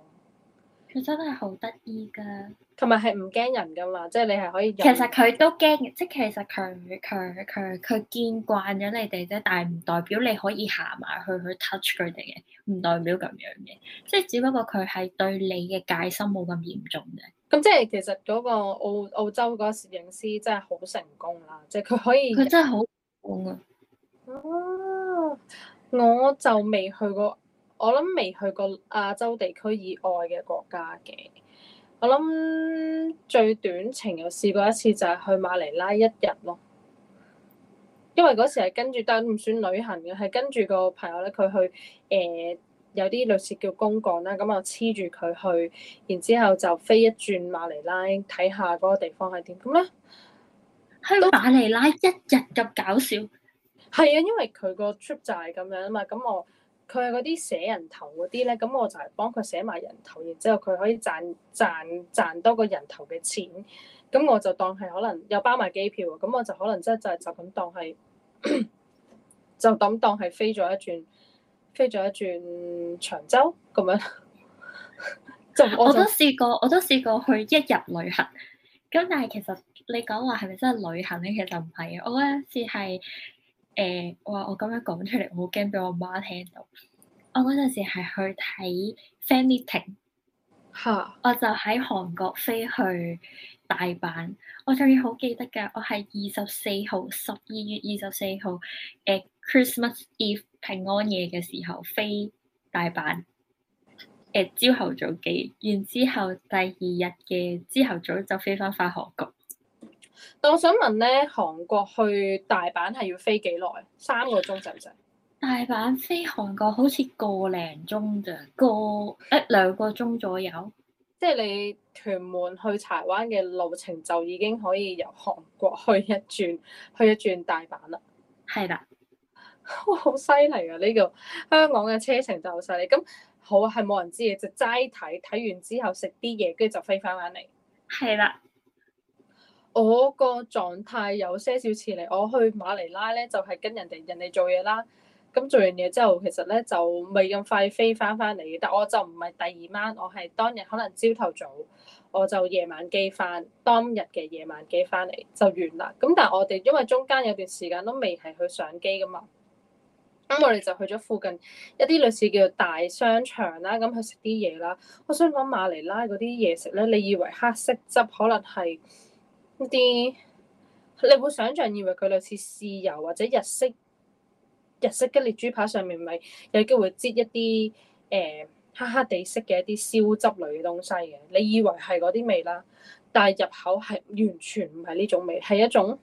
佢真係好得意㗎，同埋係唔驚人㗎嘛，即係你係可以。其實佢都驚嘅，即係其實佢佢佢佢見慣咗你哋啫，但係唔代表你可以行埋去去 touch 佢哋嘅，唔代表咁樣嘅，即係只不過佢係對你嘅戒心冇咁嚴重啫。咁即係其實嗰個澳澳洲嗰個攝影師真係好成功啦，即係佢可以。佢真係好啊！我就未去過。我諗未去過亞洲地區以外嘅國家嘅，我諗最短程有試過一次就係、是、去馬尼拉一日咯，因為嗰時係跟住但係都唔算旅行嘅，係跟住個朋友咧佢去誒、呃、有啲類似叫公幹啦，咁啊黐住佢去，然之後就飛一轉馬尼拉睇下嗰個地方係點咁咧。呢去馬尼拉一日咁搞笑？係啊， 因為佢個 trip 就係咁樣啊嘛，咁我。佢係嗰啲寫人頭嗰啲咧，咁我就係幫佢寫埋人頭，然之後佢可以賺賺賺多個人頭嘅錢，咁我就當係可能又包埋機票，咁我就可能真係就咁、係、當係就咁當係飛咗一轉飛咗一轉長洲咁樣。 就我，就我都試過，我都試過去一日旅行，咁但係其實你講話係咪真係旅行咧？其實唔係啊，我有次係。誒、呃，我話我咁樣講出嚟，我好驚俾我媽聽到。我嗰陣時係去睇《Family Ting》，我就喺韓國飛去大阪。我仲要好記得㗎，我係二十四號，十二月二十四號，誒、呃、Christmas Eve 平安夜嘅時候飛大阪。誒朝後早朝頭早機，然之後第二日嘅朝頭早就飛翻返韓國。但我想問咧，韓國去大阪係要飛幾耐？三個鐘使唔使？大阪飛韓國好似個零鐘咋，一個一兩個鐘左右。即係你屯門去柴灣嘅路程就已經可以由韓國去一轉，去一轉大阪啦。係啦的、啊這個，好犀利啊！呢個香港嘅車程就好犀利。咁好係冇人知嘅，就齋睇睇完之後食啲嘢，跟住就飛翻翻嚟。係啦。我個狀態有些少似嚟，我去馬尼拉咧就係、是、跟人哋人哋做嘢啦。咁做完嘢之後，其實咧就未咁快飛翻翻嚟。但我就唔係第二晚，我係當日可能朝頭早，早我就夜晚機翻，當日嘅夜晚機翻嚟就完啦。咁但係我哋因為中間有段時間都未係去上機㗎嘛，咁我哋就去咗附近一啲類似叫做大商場啦，咁去食啲嘢啦。我想講馬尼拉嗰啲嘢食咧，你以為黑色汁可能係？一啲，你會想象以為佢類似豉油或者日式日式吉列豬扒上面咪有機會擠一啲誒、呃、黑黑地色嘅一啲燒汁類嘅東西嘅，你以為係嗰啲味啦，但係入口係完全唔係呢種味，係一種，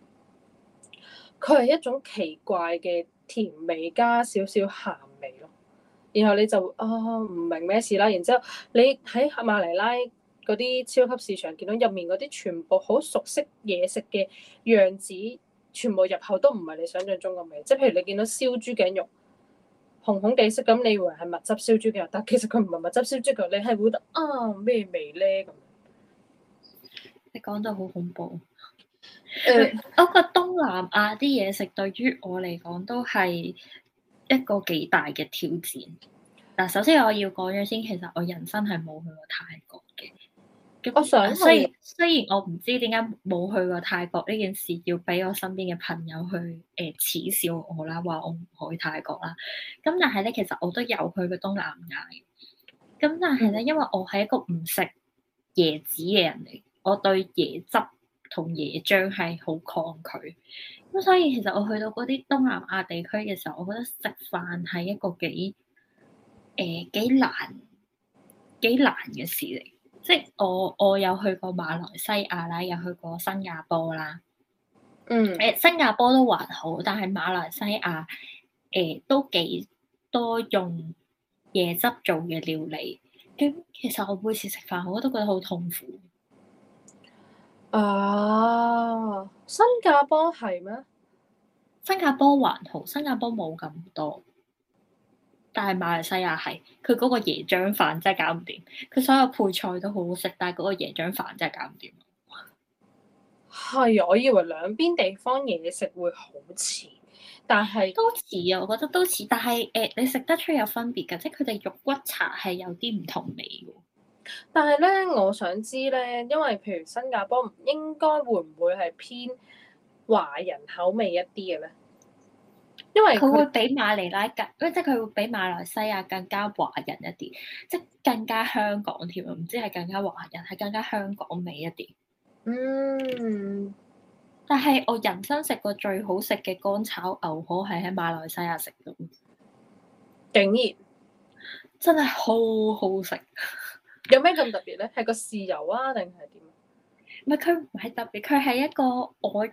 佢係一種奇怪嘅甜味加少少鹹味咯，然後你就啊唔、哦、明咩事啦，然之後你喺阿馬尼拉。嗰啲超級市場見到入面嗰啲全部好熟悉嘢食嘅樣子，全部入口都唔係你想象中個味。即係譬如你見到燒豬頸肉紅紅地色，咁你以為係蜜汁燒豬頸肉，但其實佢唔係蜜汁燒豬頸肉，你係會覺得啊咩味咧咁。你講得好、啊、恐怖。誒、呃，我覺得東南亞啲嘢食對於我嚟講都係一個幾大嘅挑戰。嗱，首先我要講咗先，其實我人生係冇去過泰國。我想，所以雖然我唔知點解冇去過泰國呢件事，要俾我身邊嘅朋友去誒、呃、恥笑我啦，話我唔去泰國啦。咁但係咧，其實我都有去過東南亞。咁但係咧，因為我係一個唔食椰子嘅人嚟，我對椰汁同椰漿係好抗拒。咁所以其實我去到嗰啲東南亞地區嘅時候，我覺得食飯係一個幾誒、呃、幾難幾難嘅事嚟。即係我我有去過馬來西亞啦，有去過新加坡啦。嗯。誒，新加坡都還好，但係馬來西亞誒、欸、都幾多用椰汁做嘅料理。咁其實我每次食飯我都覺得好痛苦。啊，新加坡係咩？新加坡還好，新加坡冇咁多。但係馬來西亞係佢嗰個椰漿飯真係搞唔掂，佢所有配菜都好好食，但係嗰個椰漿飯真係搞唔掂。係啊，我以為兩邊地方嘢食會好似，但係都似啊，我覺得都似。但係誒、呃，你食得出有分別㗎，即係佢哋肉骨茶係有啲唔同味㗎。但係咧，我想知咧，因為譬如新加坡唔應該會唔會係偏華人口味一啲嘅咧？因為佢會比馬尼拉更，即係佢會比馬來西亞更加華人一啲，即係更加香港添啊！唔知係更加華人，係更加香港味一啲。嗯，但係我人生食過最好食嘅乾炒牛河係喺馬來西亞食到，竟然真係好好食！ 有咩咁特別咧？係 個豉油啊，定係點？唔係佢唔係特別，佢係一個外。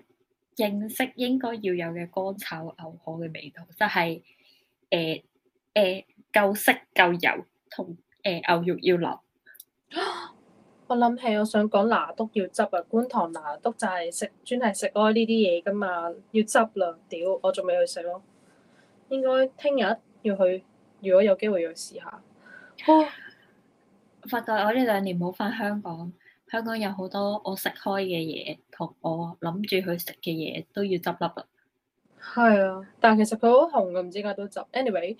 認識應該要有嘅乾炒牛河嘅味道，就係誒誒夠色夠油同，誒、呃、牛肉要落。我諗起我想講拿督要執啊，觀塘拿督就係食專係食開呢啲嘢㗎嘛，要執啦！屌，我仲未去食咯，應該聽日要去，如果有機會要去試下。發覺我呢兩年冇返香港，香港有好多我食開嘅嘢。我諗住去食嘅嘢都要執笠啦。係啊，但係其實佢好紅嘅，唔知點解都執。Anyway，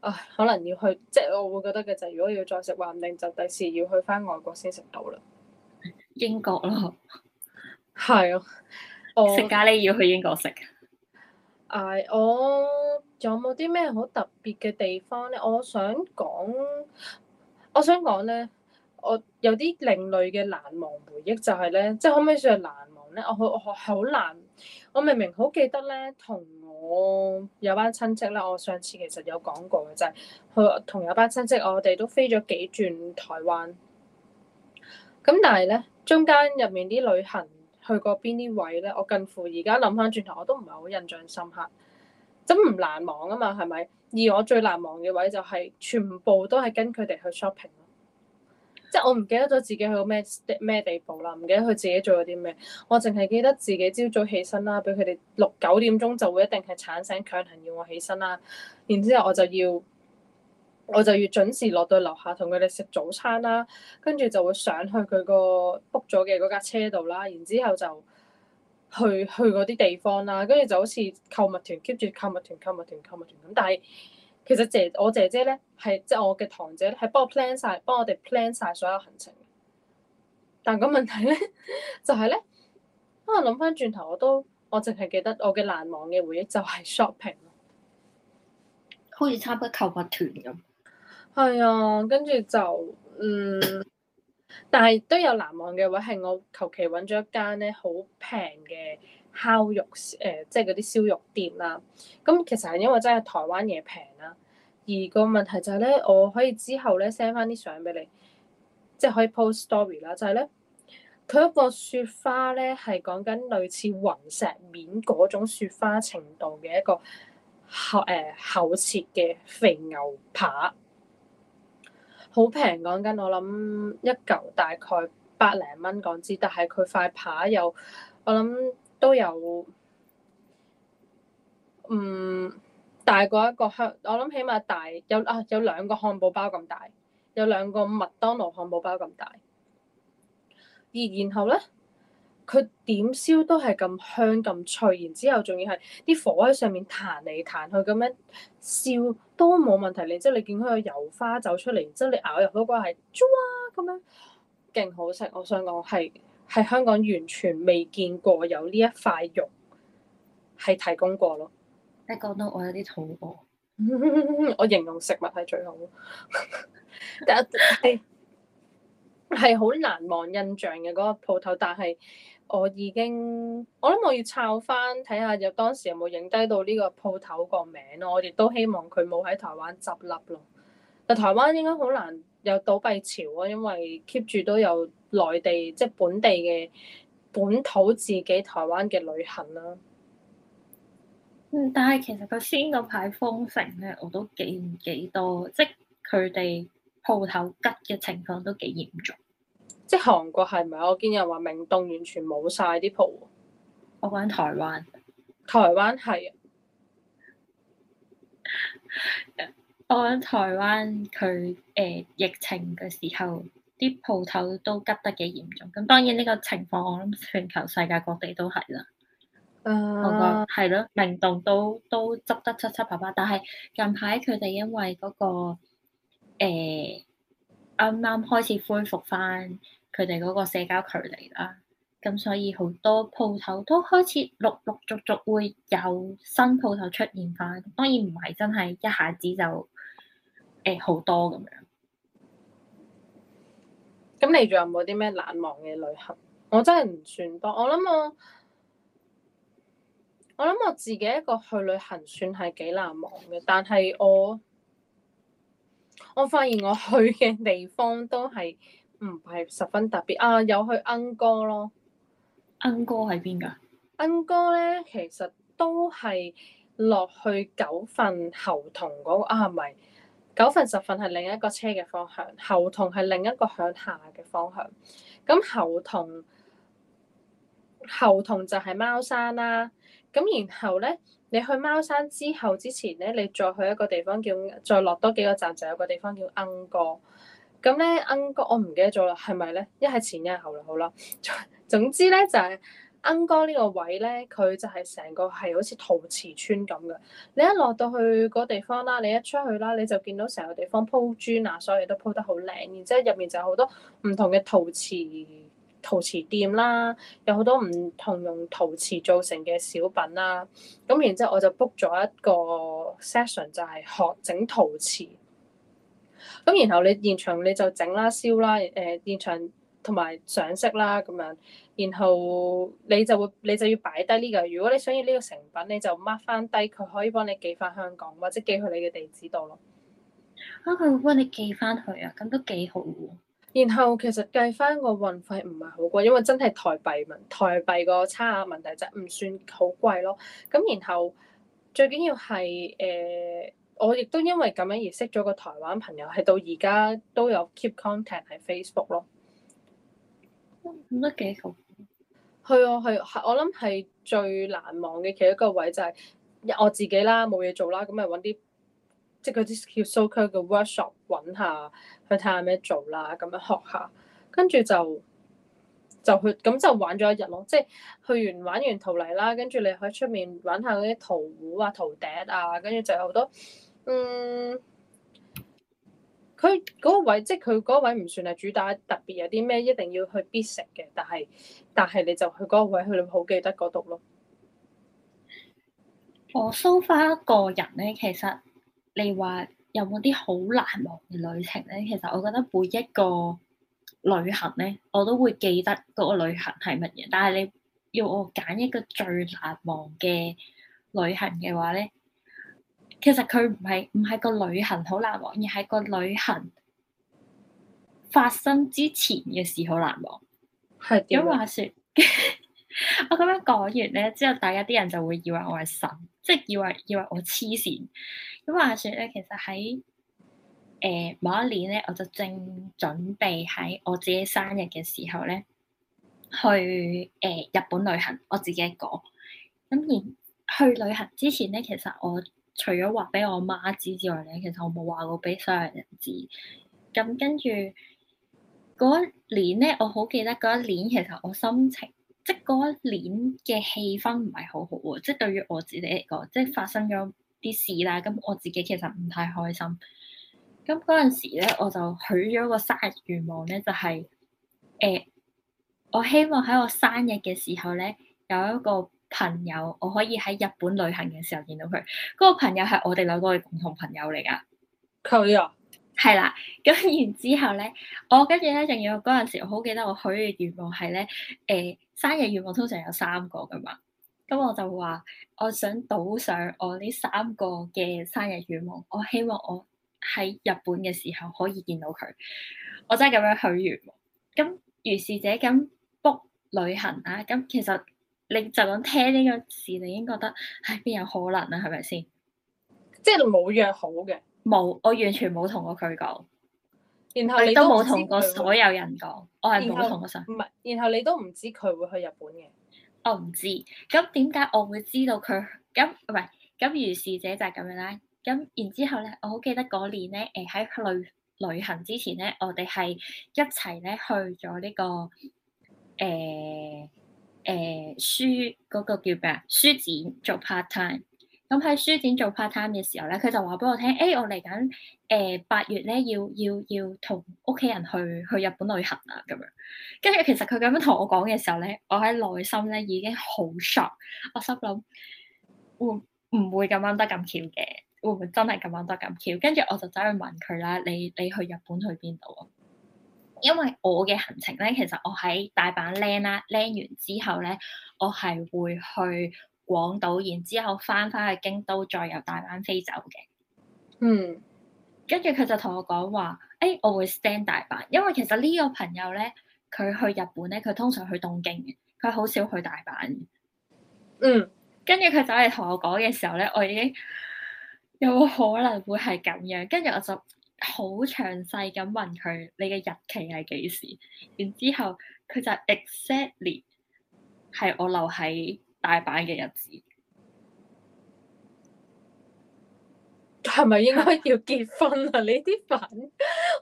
唉、啊，可能要去，即係我會覺得嘅就係，如果要再食，話唔定就第時要去翻外國先食到啦。英國咯。係 啊，我食咖喱要去英國食。誒、哎，我有冇啲咩好特別嘅地方咧？我想講，我想講咧。我有啲另類嘅難忘回憶，就係咧，即係可唔可以算係難忘咧？我好我好難，我明明好記得咧，同我有班親戚咧，我上次其實有講過嘅、就係，就係去同有班親戚，我哋都飛咗幾轉台灣。咁但係咧，中間入面啲旅行去過邊啲位咧，我近乎而家諗返轉頭，我都唔係好印象深刻。咁唔難忘啊嘛，係咪？而我最難忘嘅位就係、係、全部都係跟佢哋去 shopping。即係我唔記得咗自己去到咩咩地步啦，唔記得佢自己做咗啲咩，我淨係記得自己朝早起身啦，俾佢哋六九點鐘就會一定係鏟聲強行要我起身啦，然之後我就要我就要準時落到樓下同佢哋食早餐啦，跟住就會上去佢個 book 咗嘅嗰架車度啦，然之後就去去嗰啲地方啦，跟住就好似購物團 keep 住購物團購物團購物團咁，但係其實姐我姐姐咧。係即係我嘅堂姐咧，係幫我 plan 晒，幫我哋 plan 晒所有行程。但係個問題咧， 就係咧，不過諗翻轉頭，我都我淨係記得我嘅難忘嘅回憶就係 shopping，好似參加購物團咁。係啊，跟住就嗯， 但係都有難忘嘅話係我求其揾咗一間咧好平嘅烤肉誒，即係嗰啲燒肉店啦，啊。咁其實係因為真係台灣嘢平啦。二個問題就係、是、咧，我可以之後咧 send 翻啲相俾你，即係可以 post story 啦。就係、是、咧，佢一個雪花咧係講緊類似雲石面嗰種雪花程度嘅一個厚誒、呃、厚切嘅肥牛扒，好平講緊，我諗一嚿大概百零蚊港紙，但係佢塊扒有，我諗都有，嗯。大過一個香，我諗起碼大有啊有兩個漢堡包咁大，有兩個麥當勞漢堡包咁大。而然後咧，佢點燒都係咁香咁脆，然之後仲要係啲火喺上面彈嚟彈去咁樣燒都冇問題。你即係你見佢個油花走出嚟，然之後你咬入嗰個係，咁樣勁好食。我想講係喺香港完全未見過有呢一塊肉係提供過咯。你講到我有啲肚餓， 我形容食物係最好， 但係係好難忘印象嘅嗰、那個鋪頭。但係我已經，我諗我要抄翻睇下，有當時有冇影低到呢個鋪頭個名咯。我亦都希望佢冇喺台灣執笠咯。但台灣應該好難有倒閉潮啊，因為 keep 住都有內地即係、就是、本地嘅本土自己台灣嘅旅行啦、啊。嗯，但係其實佢先嗰排封城咧，我都幾唔幾多，即係佢哋鋪頭吉嘅情況都幾嚴重。即係韓國係咪？我見人話明洞完全冇晒啲鋪。我講台灣。台灣係。我講台灣，佢誒、呃、疫情嘅時候，啲鋪頭都吉得幾嚴重。咁當然呢個情況，我諗全球世界各地都係啦。Uh，我個係咯，明洞都都執得七七八八，但係近排佢哋因為嗰、嗰個啱啱、欸、開始恢復翻佢哋嗰個社交距離啦，咁所以好多鋪頭都開始陸陸續續會有新鋪頭出現翻，當然唔係真係一下子就誒好、欸、多咁樣。咁你仲有冇啲咩難忘嘅旅行？我真係唔算多，我諗我。我諗我自己一個去旅行算係幾難忘嘅，但係我我發現我去嘅地方都係唔係十分特別啊！有去鶯歌咯，鶯歌喺邊㗎？鶯歌咧，其實都係落去九份喉同嗰、那個啊，係咪？九份十份係另一個車嘅方向，喉同係另一個向下嘅方向。咁喉同喉同就係貓山啦、啊。咁然後咧，你去貓山之後之前咧，你再去一個地方叫，再落多幾個站就有個地方叫鶯歌。咁咧鶯歌我唔記得咗啦，係咪咧？一係前一係後啦，好啦。 總之咧就係鶯歌呢個位咧，佢就係成個係好似陶瓷村咁嘅。你一落到去個地方啦，你一出去啦，你就見到成個地方鋪磚啊，所以都鋪得好靚，然之後入面就好多唔同嘅陶瓷。陶瓷店啦，有好多唔同用陶瓷做成嘅小品啦。咁然之後我就 book 咗一個 session，就係、是、學整陶瓷。咁然後你現場你就整啦、燒啦、誒、呃、現場同埋上色啦咁樣。然後你就會你就要擺低呢個。如果你想要呢個成品，你就 mark 翻低，佢可以幫你寄翻香港或者寄去你嘅地址度咯。啊！佢會幫你寄翻去啊？咁都幾好喎。然後其實計翻個運費唔係好貴，因為真係台幣問台幣個差額問題就唔算好貴咯。咁然後最緊要係誒、呃，我亦都因為咁樣而識咗個台灣朋友，係到而家都有 keep contact 喺 Facebook 咯。咁都幾好？去啊，去，我諗係最難忘嘅其中一個位就係、係、我自己啦，冇嘢做啦，咁咪揾啲。即係嗰啲叫 Soka 嘅 workshop，揾下去睇下咩做啦，咁樣學下，跟住就就去，咁就玩咗一日咯。即係去完玩完陶泥啦，跟住你可以出面玩一下嗰啲陶壺啊、陶笛啊，跟住就有好多嗯。佢嗰個位，即係佢嗰個位唔算係主打，特別有啲咩一定要去必食嘅，但係但係你就去嗰個位去，佢會好記得嗰度咯。我收返個人咧，其實～你話有冇啲好難忘嘅旅程咧？其實我覺得每一個旅行咧，我都會記得嗰個旅行係乜嘢。但係你要我揀一個最難忘嘅旅行嘅話咧，其實佢唔係唔係個旅行好難忘，而係個旅行發生之前嘅事好難忘。係點啊？話說。我咁樣講完咧，之後大家啲人就會以為我係神，即係以為以為我黐線。咁話說咧，其實喺誒、呃、某一年咧，我就正準備喺我自己生日嘅時候咧，去誒、呃、日本旅行。我自己一個，咁然去旅行之前咧，其實我除咗話俾我媽知之外咧，其實我冇話過俾所有人知。咁跟住嗰一年咧，我好記得嗰一年，其實我心情。即嗰一年嘅氣氛唔係好好喎，即對於我自己嚟講，即發生咗啲事啦，咁我自己其實唔太開心。咁嗰陣時咧，我就許咗個生日願望咧，就係誒我希望喺我生日嘅時候咧，有一個朋友我可以喺日本旅行嘅時候見到佢。嗰個朋友係我哋兩個嘅共同朋友嚟噶。佢啊！係啦，咁然之後咧，哦，我跟住咧，仲要嗰陣時，我好記得我許嘅願望係咧，誒、呃，生日願望通常有三個噶嘛，咁我就話我想賭上我呢三個嘅生日願望，我希望我喺日本嘅時候可以見到佢，我真係咁樣許願望。咁如是者咁 book 旅行啊，咁其實你就咁聽呢個事，你已經覺得唉，邊、哎、有可能啊？係咪先？即係冇約好嘅。冇，我完全冇同過佢講。然後你是都冇同過所有人講，會我係冇同過佢。唔係，然後你都唔知佢會去日本嘅。我唔知。咁點解我會知道佢？咁唔係，咁如是者就係咁樣啦。咁然之後咧，我好記得嗰年咧，誒喺旅旅行之前咧，我哋係一齊咧去咗呢個誒誒書嗰個叫咩啊？書展做 part time。咁喺書展做 part time 嘅時候咧，佢就話俾我聽，誒、欸，我嚟緊誒八月咧，要要要同屋企人去去日本旅行啊，咁樣。跟住其實佢咁樣同我講嘅時候咧，我喺內心咧已經好 shock，我心諗會唔會咁啱得咁巧嘅？會唔會，會，會真係咁啱得咁巧？跟住我就走去問佢啦，你你去日本去邊度啊？因為我嘅行程咧，其實我喺大阪 land 啦 land 完之後咧，我係會去。廣島，然之後翻返去京都，再由大阪飛走嘅。嗯，跟住佢就同我講話，誒、哎，我會 stand 大阪，因為其實呢個朋友咧，佢去日本咧，佢通常去東京嘅，佢好少去大阪嘅。嗯，跟住佢走嚟同我講嘅時候咧，我已經有可能會係咁樣。跟住我就好詳細咁問佢，你嘅日期係幾時？然之後佢就 exactly 係我留喺。大阪嘅日子，係咪 應該要結婚啊？呢啲粉，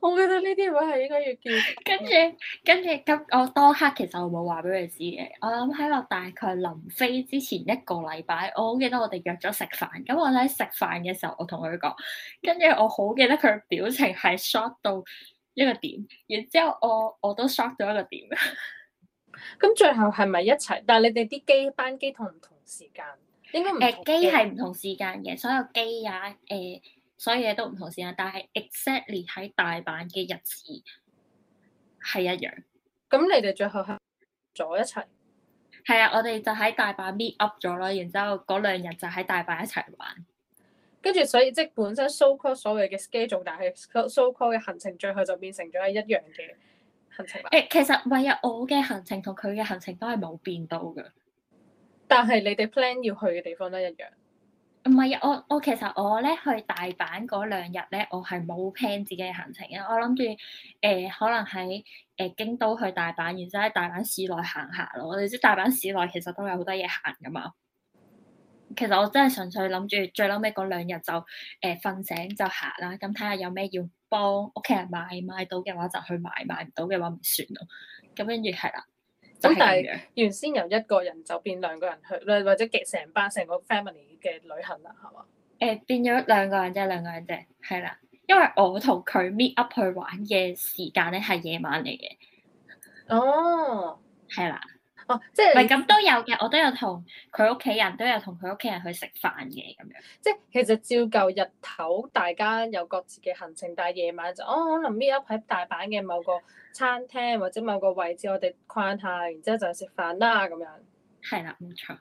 我覺得呢啲位係應該要結 跟。跟住，跟住咁，我當刻其實我冇話俾佢知嘅。我諗喺我大概臨飛之前一個禮拜，我好記得我哋約咗食飯。咁我喺食飯嘅時候，我同佢講，跟住我好記得佢嘅表情係 shock 到一個點，然之後我我都 shock 咗一個點。 咁最後係咪一齊？但係你哋啲機班機同唔同時間？應該唔誒機係唔、啊、同時間嘅，所有機啊誒、啊，所有嘢都唔同時間。但係 exactly 喺大阪嘅日子係一樣。咁你哋最後係咗一齊？係啊，我哋就喺大阪 meet up 咗啦，然之後嗰兩日就喺大阪一齊玩。跟住所以即係本身 so called 所謂嘅 schedule 但係 so called 嘅行程最後就變成咗係一樣嘅。誒， 其實每日我嘅行程同佢嘅行程都係冇變到㗎，但係你哋 plan 要去嘅地方都一樣。唔係啊，我我其實我咧去大阪嗰兩日咧，我係冇 plan 自己嘅行程嘅。我諗住誒，可能喺誒、呃、京都去大阪，然之後喺大阪市內行下咯。我哋知大阪市內其實都有好多嘢行噶嘛。其實我真係純粹諗住最撈尾嗰兩日就誒瞓、呃、醒就行啦，咁睇下有咩要。幫屋企人買，買、哦、到嘅話就去買，買唔到嘅話咪算咯。咁樣嘢係啦。咁但係原先由一個人就變兩個人去，或者極成班成個 family 嘅旅行啦，係嘛？誒、呃，變咗兩個人啫，兩個人啫，係啦。因為我同佢 meet up 去玩嘅時間咧係夜晚嚟嘅。哦，係啦。哦，即係唔係咁都有嘅，我都有同佢屋企人都有同佢屋企人去食飯嘅咁樣。即係其實照舊日頭，大家有各自嘅行程，但係夜晚就哦，可能 meet up 喺大阪嘅某個餐廳或者某個位置，我哋逛下，然之後就食飯啦咁樣。係啦，冇錯。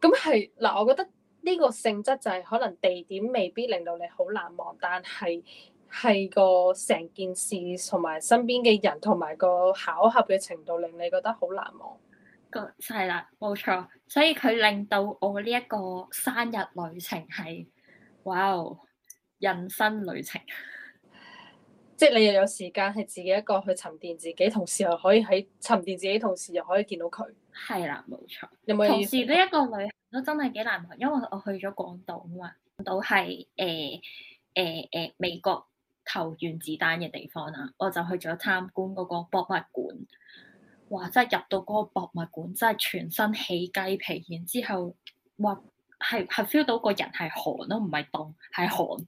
咁係嗱，我覺得呢個性質就係可能地點未必令到你好難忘，但係，係個成件事同埋身邊嘅人同埋個巧合嘅程度，令你覺得好難忘。個係啦，冇 錯，嗯。所以佢令到我呢一個生日旅程係，哇，哦，人生旅程。即係你又有時間係自己一個去沉澱自己，同時又可以喺沉澱自己，同時又可以見到佢。係啦，冇 錯。嗯、錯有冇有。同時呢一個旅行都真係幾難忘，因為我去咗港島啊嘛，島係誒誒誒美國投原子彈嘅地方啦、啊，我就去咗參觀嗰個博物館。哇！真係入到嗰個博物館，真係全身起雞皮，然之後，哇，係係 feel 到個人係寒都唔係凍，係寒。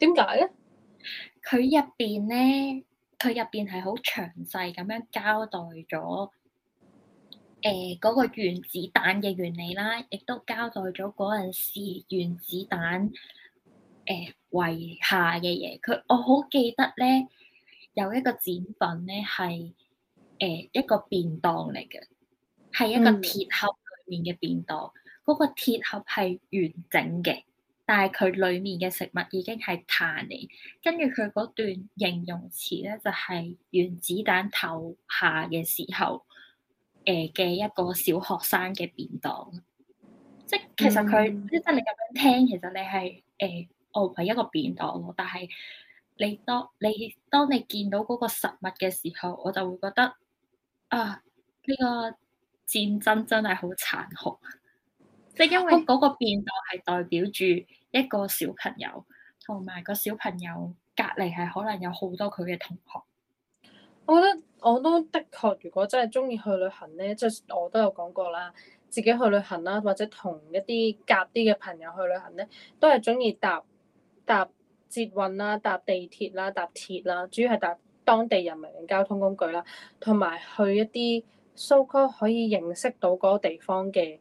點解咧？佢入邊咧，佢入邊係好詳細咁樣交代咗，誒、呃、嗰、嗰個原子彈嘅原理啦，亦都交代咗嗰陣時原子彈。誒遺、呃、下嘅嘢，佢我好記得咧，有一個展品咧係誒一個便當嚟嘅，係一個鐵盒裏面嘅便當，嗰、嗯、個鐵盒係完整嘅，但係佢裏面嘅食物已經係炭嚟。跟住佢嗰段形容詞咧，就係、是、原子彈投下嘅時候誒嘅、呃、一個小學生嘅便當，即係其實佢、嗯、即係你咁樣聽，其實你係誒。呃我唔係一個便當，但係你當你當你見到嗰個實物嘅時候，我就會覺得啊，呢個戰爭真係好殘酷。即係因為嗰個便當係代表住一個小朋友，同埋個小朋友隔離係可能有好多佢嘅同學。我覺得我都的確，如果真係中意去旅行咧，即係我都有講過啦，自己去旅行啦，或者同一啲隔啲嘅朋友去旅行咧，都係中意搭。搭捷運啦，搭地鐵啦，搭鐵啦，主要係搭當地人民嘅交通工具啦，同埋去一啲蘇區可以認識到嗰個地方嘅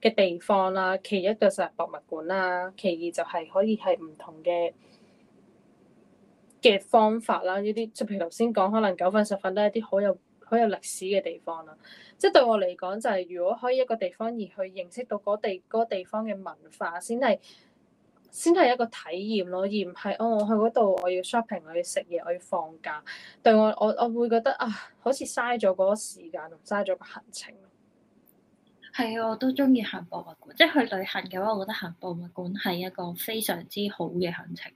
嘅地方啦。其一就係博物館啦，其二就係可以係唔同嘅嘅方法啦。呢啲即譬如頭先講，可能九分十分都係一啲好有好有歷史嘅地方啦。即係對我嚟講，就係、是、如果可以一個地方而去認識到地嗰個地方嘅文化，先係。先係一個體驗咯，而唔係哦，我去嗰度我要 shopping，我要食嘢，我要放假，對我我我會覺得啊，好似嘥咗嗰時間，同嘥咗個行程。係啊，我都中意行博物館，即係去旅行嘅話，我覺得行博物館係一個非常之好嘅行程。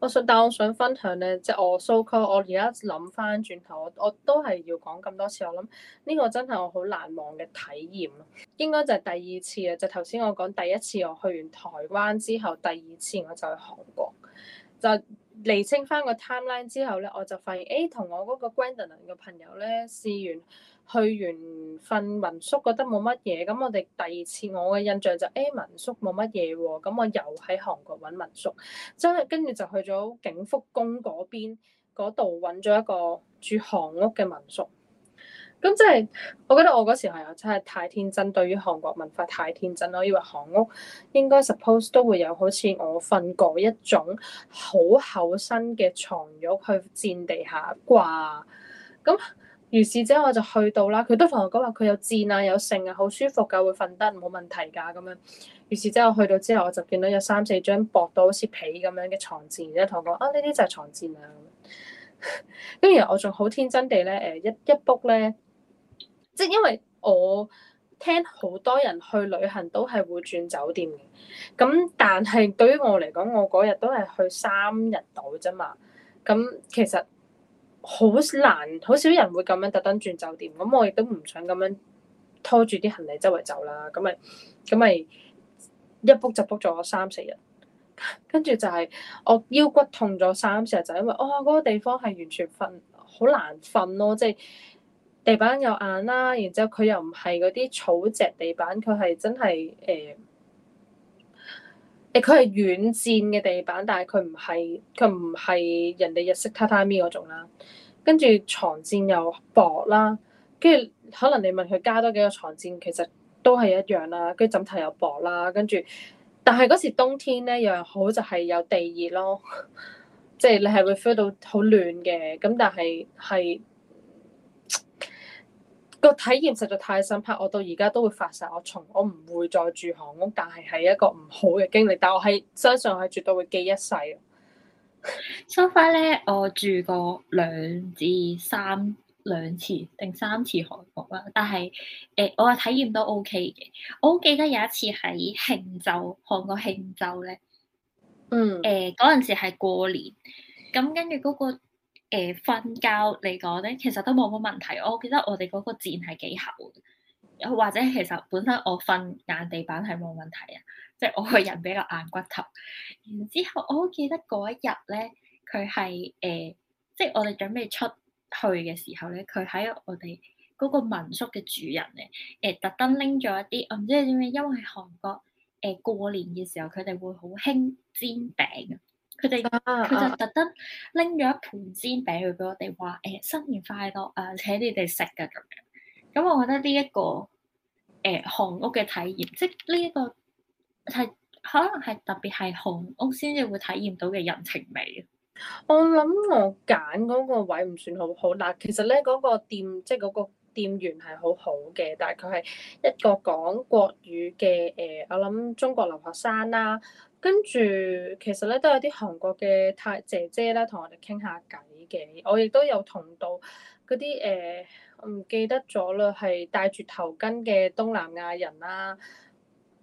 我想，但我想分享咧，即係我 so call，我而家諗翻轉頭，我我都係要講咁多次，我諗呢、這個真係我好難忘嘅體驗，應該就係第二次啊，就頭先我講第一次我去完台灣之後，第二次我就去韓國，就釐清翻個 timeline 之後咧，我就發現，誒、欸、同我嗰個 grandson 嘅朋友咧試完。去完瞓民宿覺得冇乜嘢，咁我哋第二次我嘅印象就誒、是哎、民宿冇乜嘢喎，咁、嗯、我又喺韓國揾民宿，真係跟住就去咗景福宮嗰邊嗰度揾咗一個住韓屋嘅民宿。咁即係我覺得我嗰時係真係太天真，對於韓國文化太天真咯，以為韓屋應該 suppose 都會有好似我瞓過一種好厚身嘅床褥去墊地下啩，咁。於是之後我就去到啦，佢都同我講話佢有墊啊，有剩啊，好舒服噶、啊，會瞓得冇問題噶咁樣。於是之後去到之後，我就見到有三四張薄到好似被咁樣嘅床墊，然後同我講：啊，呢啲就係床墊啊。跟住 我仲好天真地咧，誒一一 book 咧，即係因為我聽好多人去旅行都係會轉酒店嘅。咁但係對於我嚟講，我嗰日都係去三日到啫嘛。咁其實。好難，好少人會咁樣特登轉酒店。咁我亦都唔想咁樣拖住啲行李周圍走啦。咁咪咁咪一 book 就 book 咗三四日。跟住就係我腰骨痛咗三四日，就是、因為哇嗰、哦嗰個地方係完全瞓好難瞓咯，即、就、係、是、地板又硬啦，然之後佢又唔係嗰啲草席地板，佢係真係誒。呃佢係軟墊嘅地板，但係佢唔係佢唔係人哋日式榻榻米嗰種啦。跟住床墊又薄啦，跟住可能你問佢加多幾個床墊，其實都係一樣啦。跟住枕頭又薄啦，跟住，但係嗰時冬天咧，又好就係、是、有地熱咯，即係你係會 feel 到好暖嘅。咁但係係。個體驗實在太深刻，我到而家都會發誓，我從我唔會再住韓屋，但係係一個唔好嘅經歷，但係我係相信係絕對會記一世。So far 呢，我住過兩至三兩次定三次韓國啦，但係誒、呃，我嘅體驗都 OK 嘅。我好記得有一次喺慶州，韓國慶州咧，嗯、mm. 呃，誒嗰陣時係過年，咁跟住嗰個。誒瞓、呃、覺嚟講咧，其實都冇乜問題。我記得我哋嗰個墊係幾厚，又或者其實本身我瞓硬地板係冇問題啊，即係我個人比較硬骨頭。然之後我好記得嗰一日咧，佢係誒，即係我哋準備出去嘅時候咧，佢喺我哋嗰個民宿嘅主人咧，誒、呃、特登拎咗一啲，我唔知你知唔知，因為韓國誒、呃、過年嘅時候佢哋會好興煎餅。佢哋佢就特登拎咗一盤煎餅去俾我哋，話、欸、誒新年快樂啊！請你哋食㗎咁樣。咁我覺得呢、呢、一個誒韓、欸、屋嘅體驗，即係呢一個係可能係特別係韓屋先至會體驗到嘅人情味啊。我諗我揀嗰個位唔算好好，但其實咧嗰、嗰個店即係嗰個。店員係好好嘅，但係佢係一個講國語嘅誒、呃，我諗中國留學生啦、啊，跟住其實咧都有啲韓國嘅太姐姐啦，同我哋傾下偈嘅。我亦都有同到嗰啲我唔記得咗啦，係戴住頭巾嘅東南亞人啦、啊，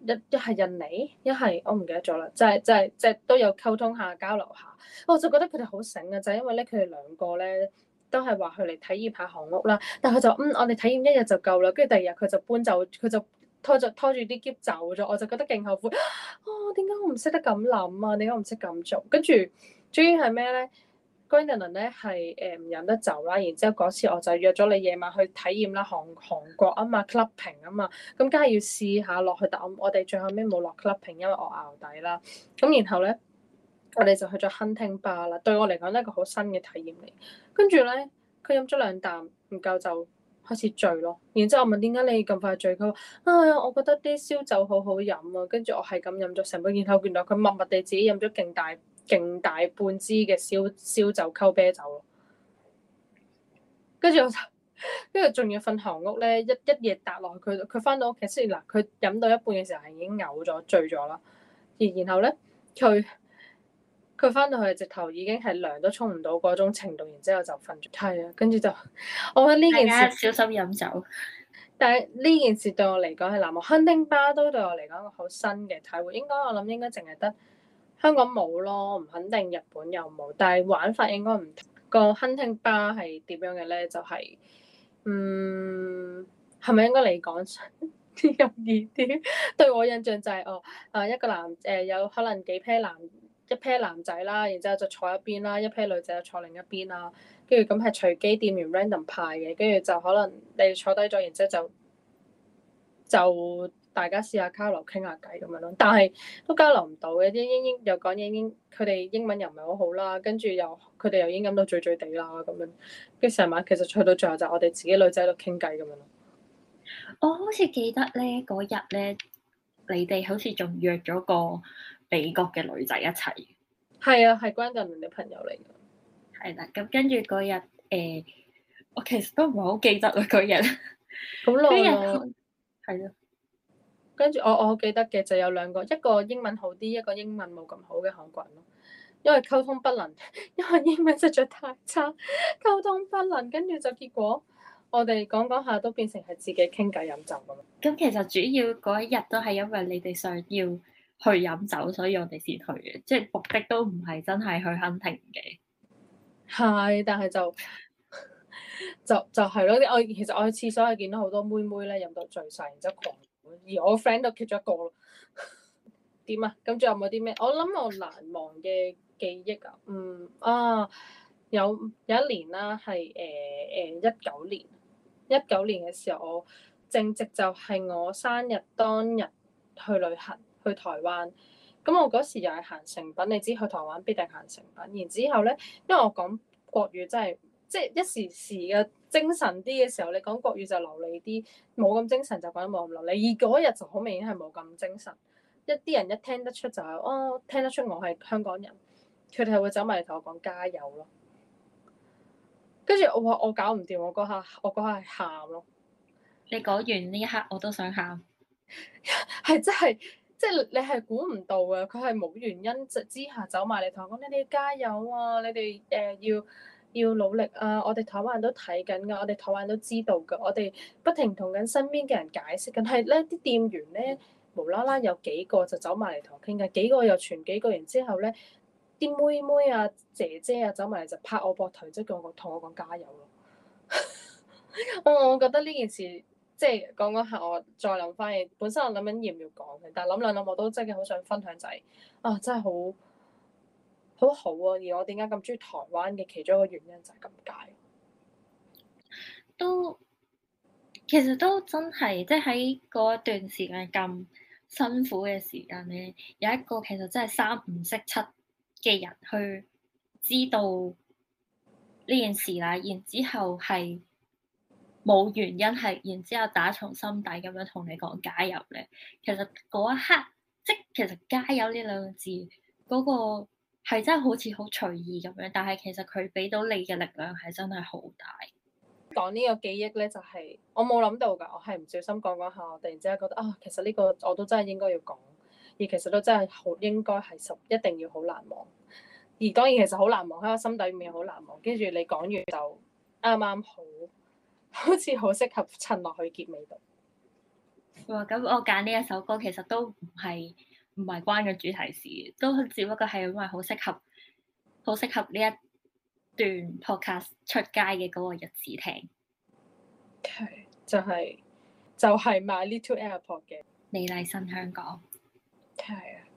一一係印尼，一係我唔記得咗啦，就係、是、就係即係都有溝通下交流下，我就覺得佢哋好醒啊，就係、是、因為咧佢哋兩個咧。都係話佢嚟體驗下韓屋啦，但佢就嗯，我哋體驗一日就夠啦，跟住第二日佢就搬走，佢就拖著拖住啲喼走咗，我就覺得勁後悔，啊點解我唔識得咁諗啊？點解唔識咁做？跟住，最尾係咩咧？Greenland 呢係誒唔忍得走啦，然之後嗰次我就約咗你夜晚去體驗啦韓韓國啊嘛 clubbing 啊嘛，咁梗係要試下落去，但我哋最後尾冇落 clubbing，因為我熬底啦，咁、嗯、然後咧。我哋就去咗餐廳吧啦。對我嚟講，呢一個好新嘅體驗嚟。跟住咧，佢飲咗兩啖唔夠，就開始醉咯。然之後我問點解你咁快醉？佢話：啊，我覺得啲燒酒好好飲啊。跟住我係咁飲咗成杯，然後，見到佢默默地自己飲咗勁大勁大半支嘅燒燒酒溝啤酒咯。跟住我就跟住仲要瞓行屋咧，一一夜搭落去。佢佢翻到屋企先嗱，佢飲到一半嘅時候已經嘔咗醉咗啦。而然後咧，佢。佢翻到去直頭已經係涼都衝唔到嗰種程度，然之後就瞓住。係啊，跟住就我覺得呢件事小心飲酒。但係呢件事對我嚟講係難忘，hunting bar 都對我嚟講好新嘅體會應該。應該我諗應該淨係得香港冇咯，唔肯定日本有冇。但係玩法應該唔同，個 hunting bar 係點樣嘅咧？就係、是、嗯係咪應該嚟講啲容易啲？ 對我印象就係、是、哦，誒一個男誒、呃、有可能幾批男。一 pair 男仔啦，然之後就坐一邊啦，一 pair 女仔就坐另一邊啦。跟住咁係隨機店員 random 派嘅，跟住就可能你哋坐低咗，然之後就就大家試下交流傾下偈咁樣咯。但係都交流唔到嘅，啲英英又講英英，佢哋英文又唔係好好啦。跟住又佢哋又飲到醉醉地啦咁樣。跟住成晚其實去到最後就我哋自己女仔喺度傾偈咁樣咯。我好似記得咧嗰日咧，你哋好似仲約咗個。美國嘅女仔一齊，係啊，係關浸女朋友嚟嘅。係啦，咁跟住嗰日，誒、欸，我其實都唔係好記得啦，嗰日好耐。係啦，跟住我我記得嘅就有兩個，一個英文好啲，一個英文冇咁好嘅韓國人咯。因為溝通不能，因為英文實在太差，溝通不能，跟住就結果我哋講講下都變成係自己傾偈飲酒咁。咁其實主要嗰一日都係因為你哋想要去飲酒，所以我哋先去嘅，即係目的都唔係真係去 hunting 嘅。係，但係就 就就係、是、咯。我其實我去廁所，係見到好多妹妹咧，飲到醉晒，然之後狂。而我 friend 都缺咗一個點 啊？咁仲有冇啲咩？我諗我難忘嘅記憶啊，嗯啊，有有一年啦，係誒誒一九年一九年嘅時候，我正值就係我生日當日去旅行。去台灣，咁我嗰時又係行誠品，你知去台灣必定行誠品。然之後咧，因為我講國語真係，即係一時時嘅精神啲嘅時候，你講國語就流利啲，冇咁精神就講得冇咁流利。而嗰日就好明顯係冇咁精神，一啲人一聽得出就係哦，聽得出我係香港人，佢哋係會走埋嚟同我講加油咯。跟住我話我搞唔掂，我嗰刻我嗰刻係喊咯。你講完呢一刻我都想喊，係 真係。即係你係估唔到啊！佢係冇原因之之下走埋嚟同我講：你哋加油啊！你哋誒要要努力啊！ 我哋台灣人都睇緊㗎，我哋台灣人都知道㗎。我哋不停同緊身邊嘅人解釋緊，但係咧，啲店員咧，無啦啦有幾個就走埋嚟同我傾偈，幾個又傳幾個，然之後咧啲妹妹啊、姐姐啊走埋嚟就拍我膊頭，即係叫我同我講加油咯。 我我覺得呢件事。即係、就是、講講下，我再諗翻起本身，我諗緊要唔要講嘅，但諗兩諗，我都真係好想分享就係、是，啊真係好好好啊！而我點解咁鍾意台灣嘅其中一個原因就係咁解。都其實都真係，即喺嗰一段時間咁辛苦嘅時間咧，有一個其實真係三唔識七嘅人去知道呢件事啦，然之後係。冇原因係，然之後打從心底咁樣同你講加油咧。其實嗰一刻，即其實加油呢兩個字，嗰、嗰個係真係好似好隨意咁樣，但係其實佢俾到你嘅力量係真係好大。講呢個記憶咧，就係我冇諗到㗎，我係唔小心講講下，我突然之間覺得啊，其實呢個我都真係應該要講，而其實都真係好應該係十一定要好難忘，而當然其實好難忘喺我心底面好難忘，跟住你講完就啱啱好。好似好適合襯落去結尾度。咁、哦、我揀呢一首歌，其實都唔係唔係關個主題事，都只不過係因為好適合，好適合呢一段 Podcast 出街嘅嗰個日子聽。係，就係、係、就係、係就係、My Little Airport 嘅美麗新香港。係啊，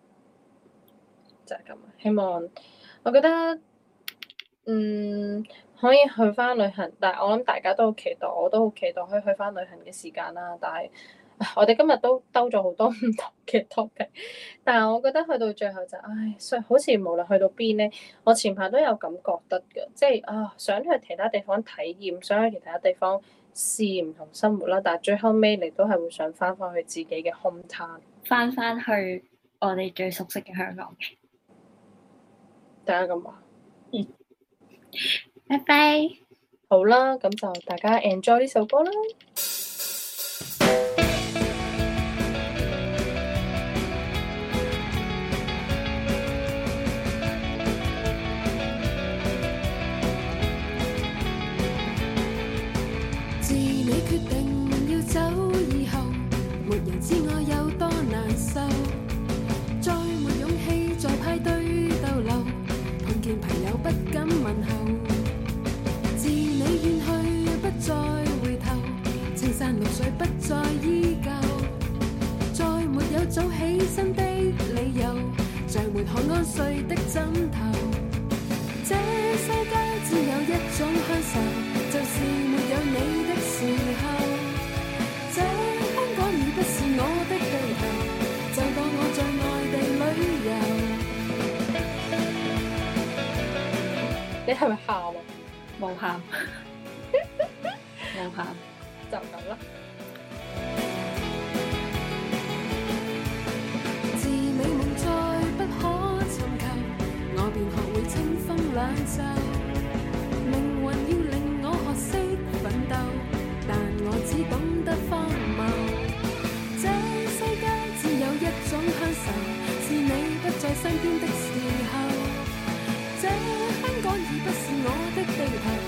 就係咁啊！希望我覺得，嗯。可以去翻旅行，但係我諗大家都好期待，我都好期待可以去翻旅行嘅時間啦。但係我哋今日都兜咗好多唔同嘅 topic，但係我覺得去到最後就唉，所以好似無論去到邊呢，我前排都有咁覺得嘅，即係啊，想去其他地方體驗，想去其他地方試唔同生活啦。但係最後尾你都係會想翻返去自己嘅 home town，翻返去我哋最熟悉嘅香港，大家咁話。拜拜，好啦，咁就大家 enjoy 呢首歌啦。再依舊，再沒有早起身的理由，再沒可安睡的枕頭。這世界只有一種享受，就是沒有你的時候。這香港已不是我的地頭，就當我在外地旅遊。你係咪喊啊？冇喊，冇喊，就咁啦。要學會清風兩袖，命運要令我學識奮鬥。但我只懂得荒謬，這世界只有一種鄉愁，是你不在身邊的時候。這香港已不是我的地盤。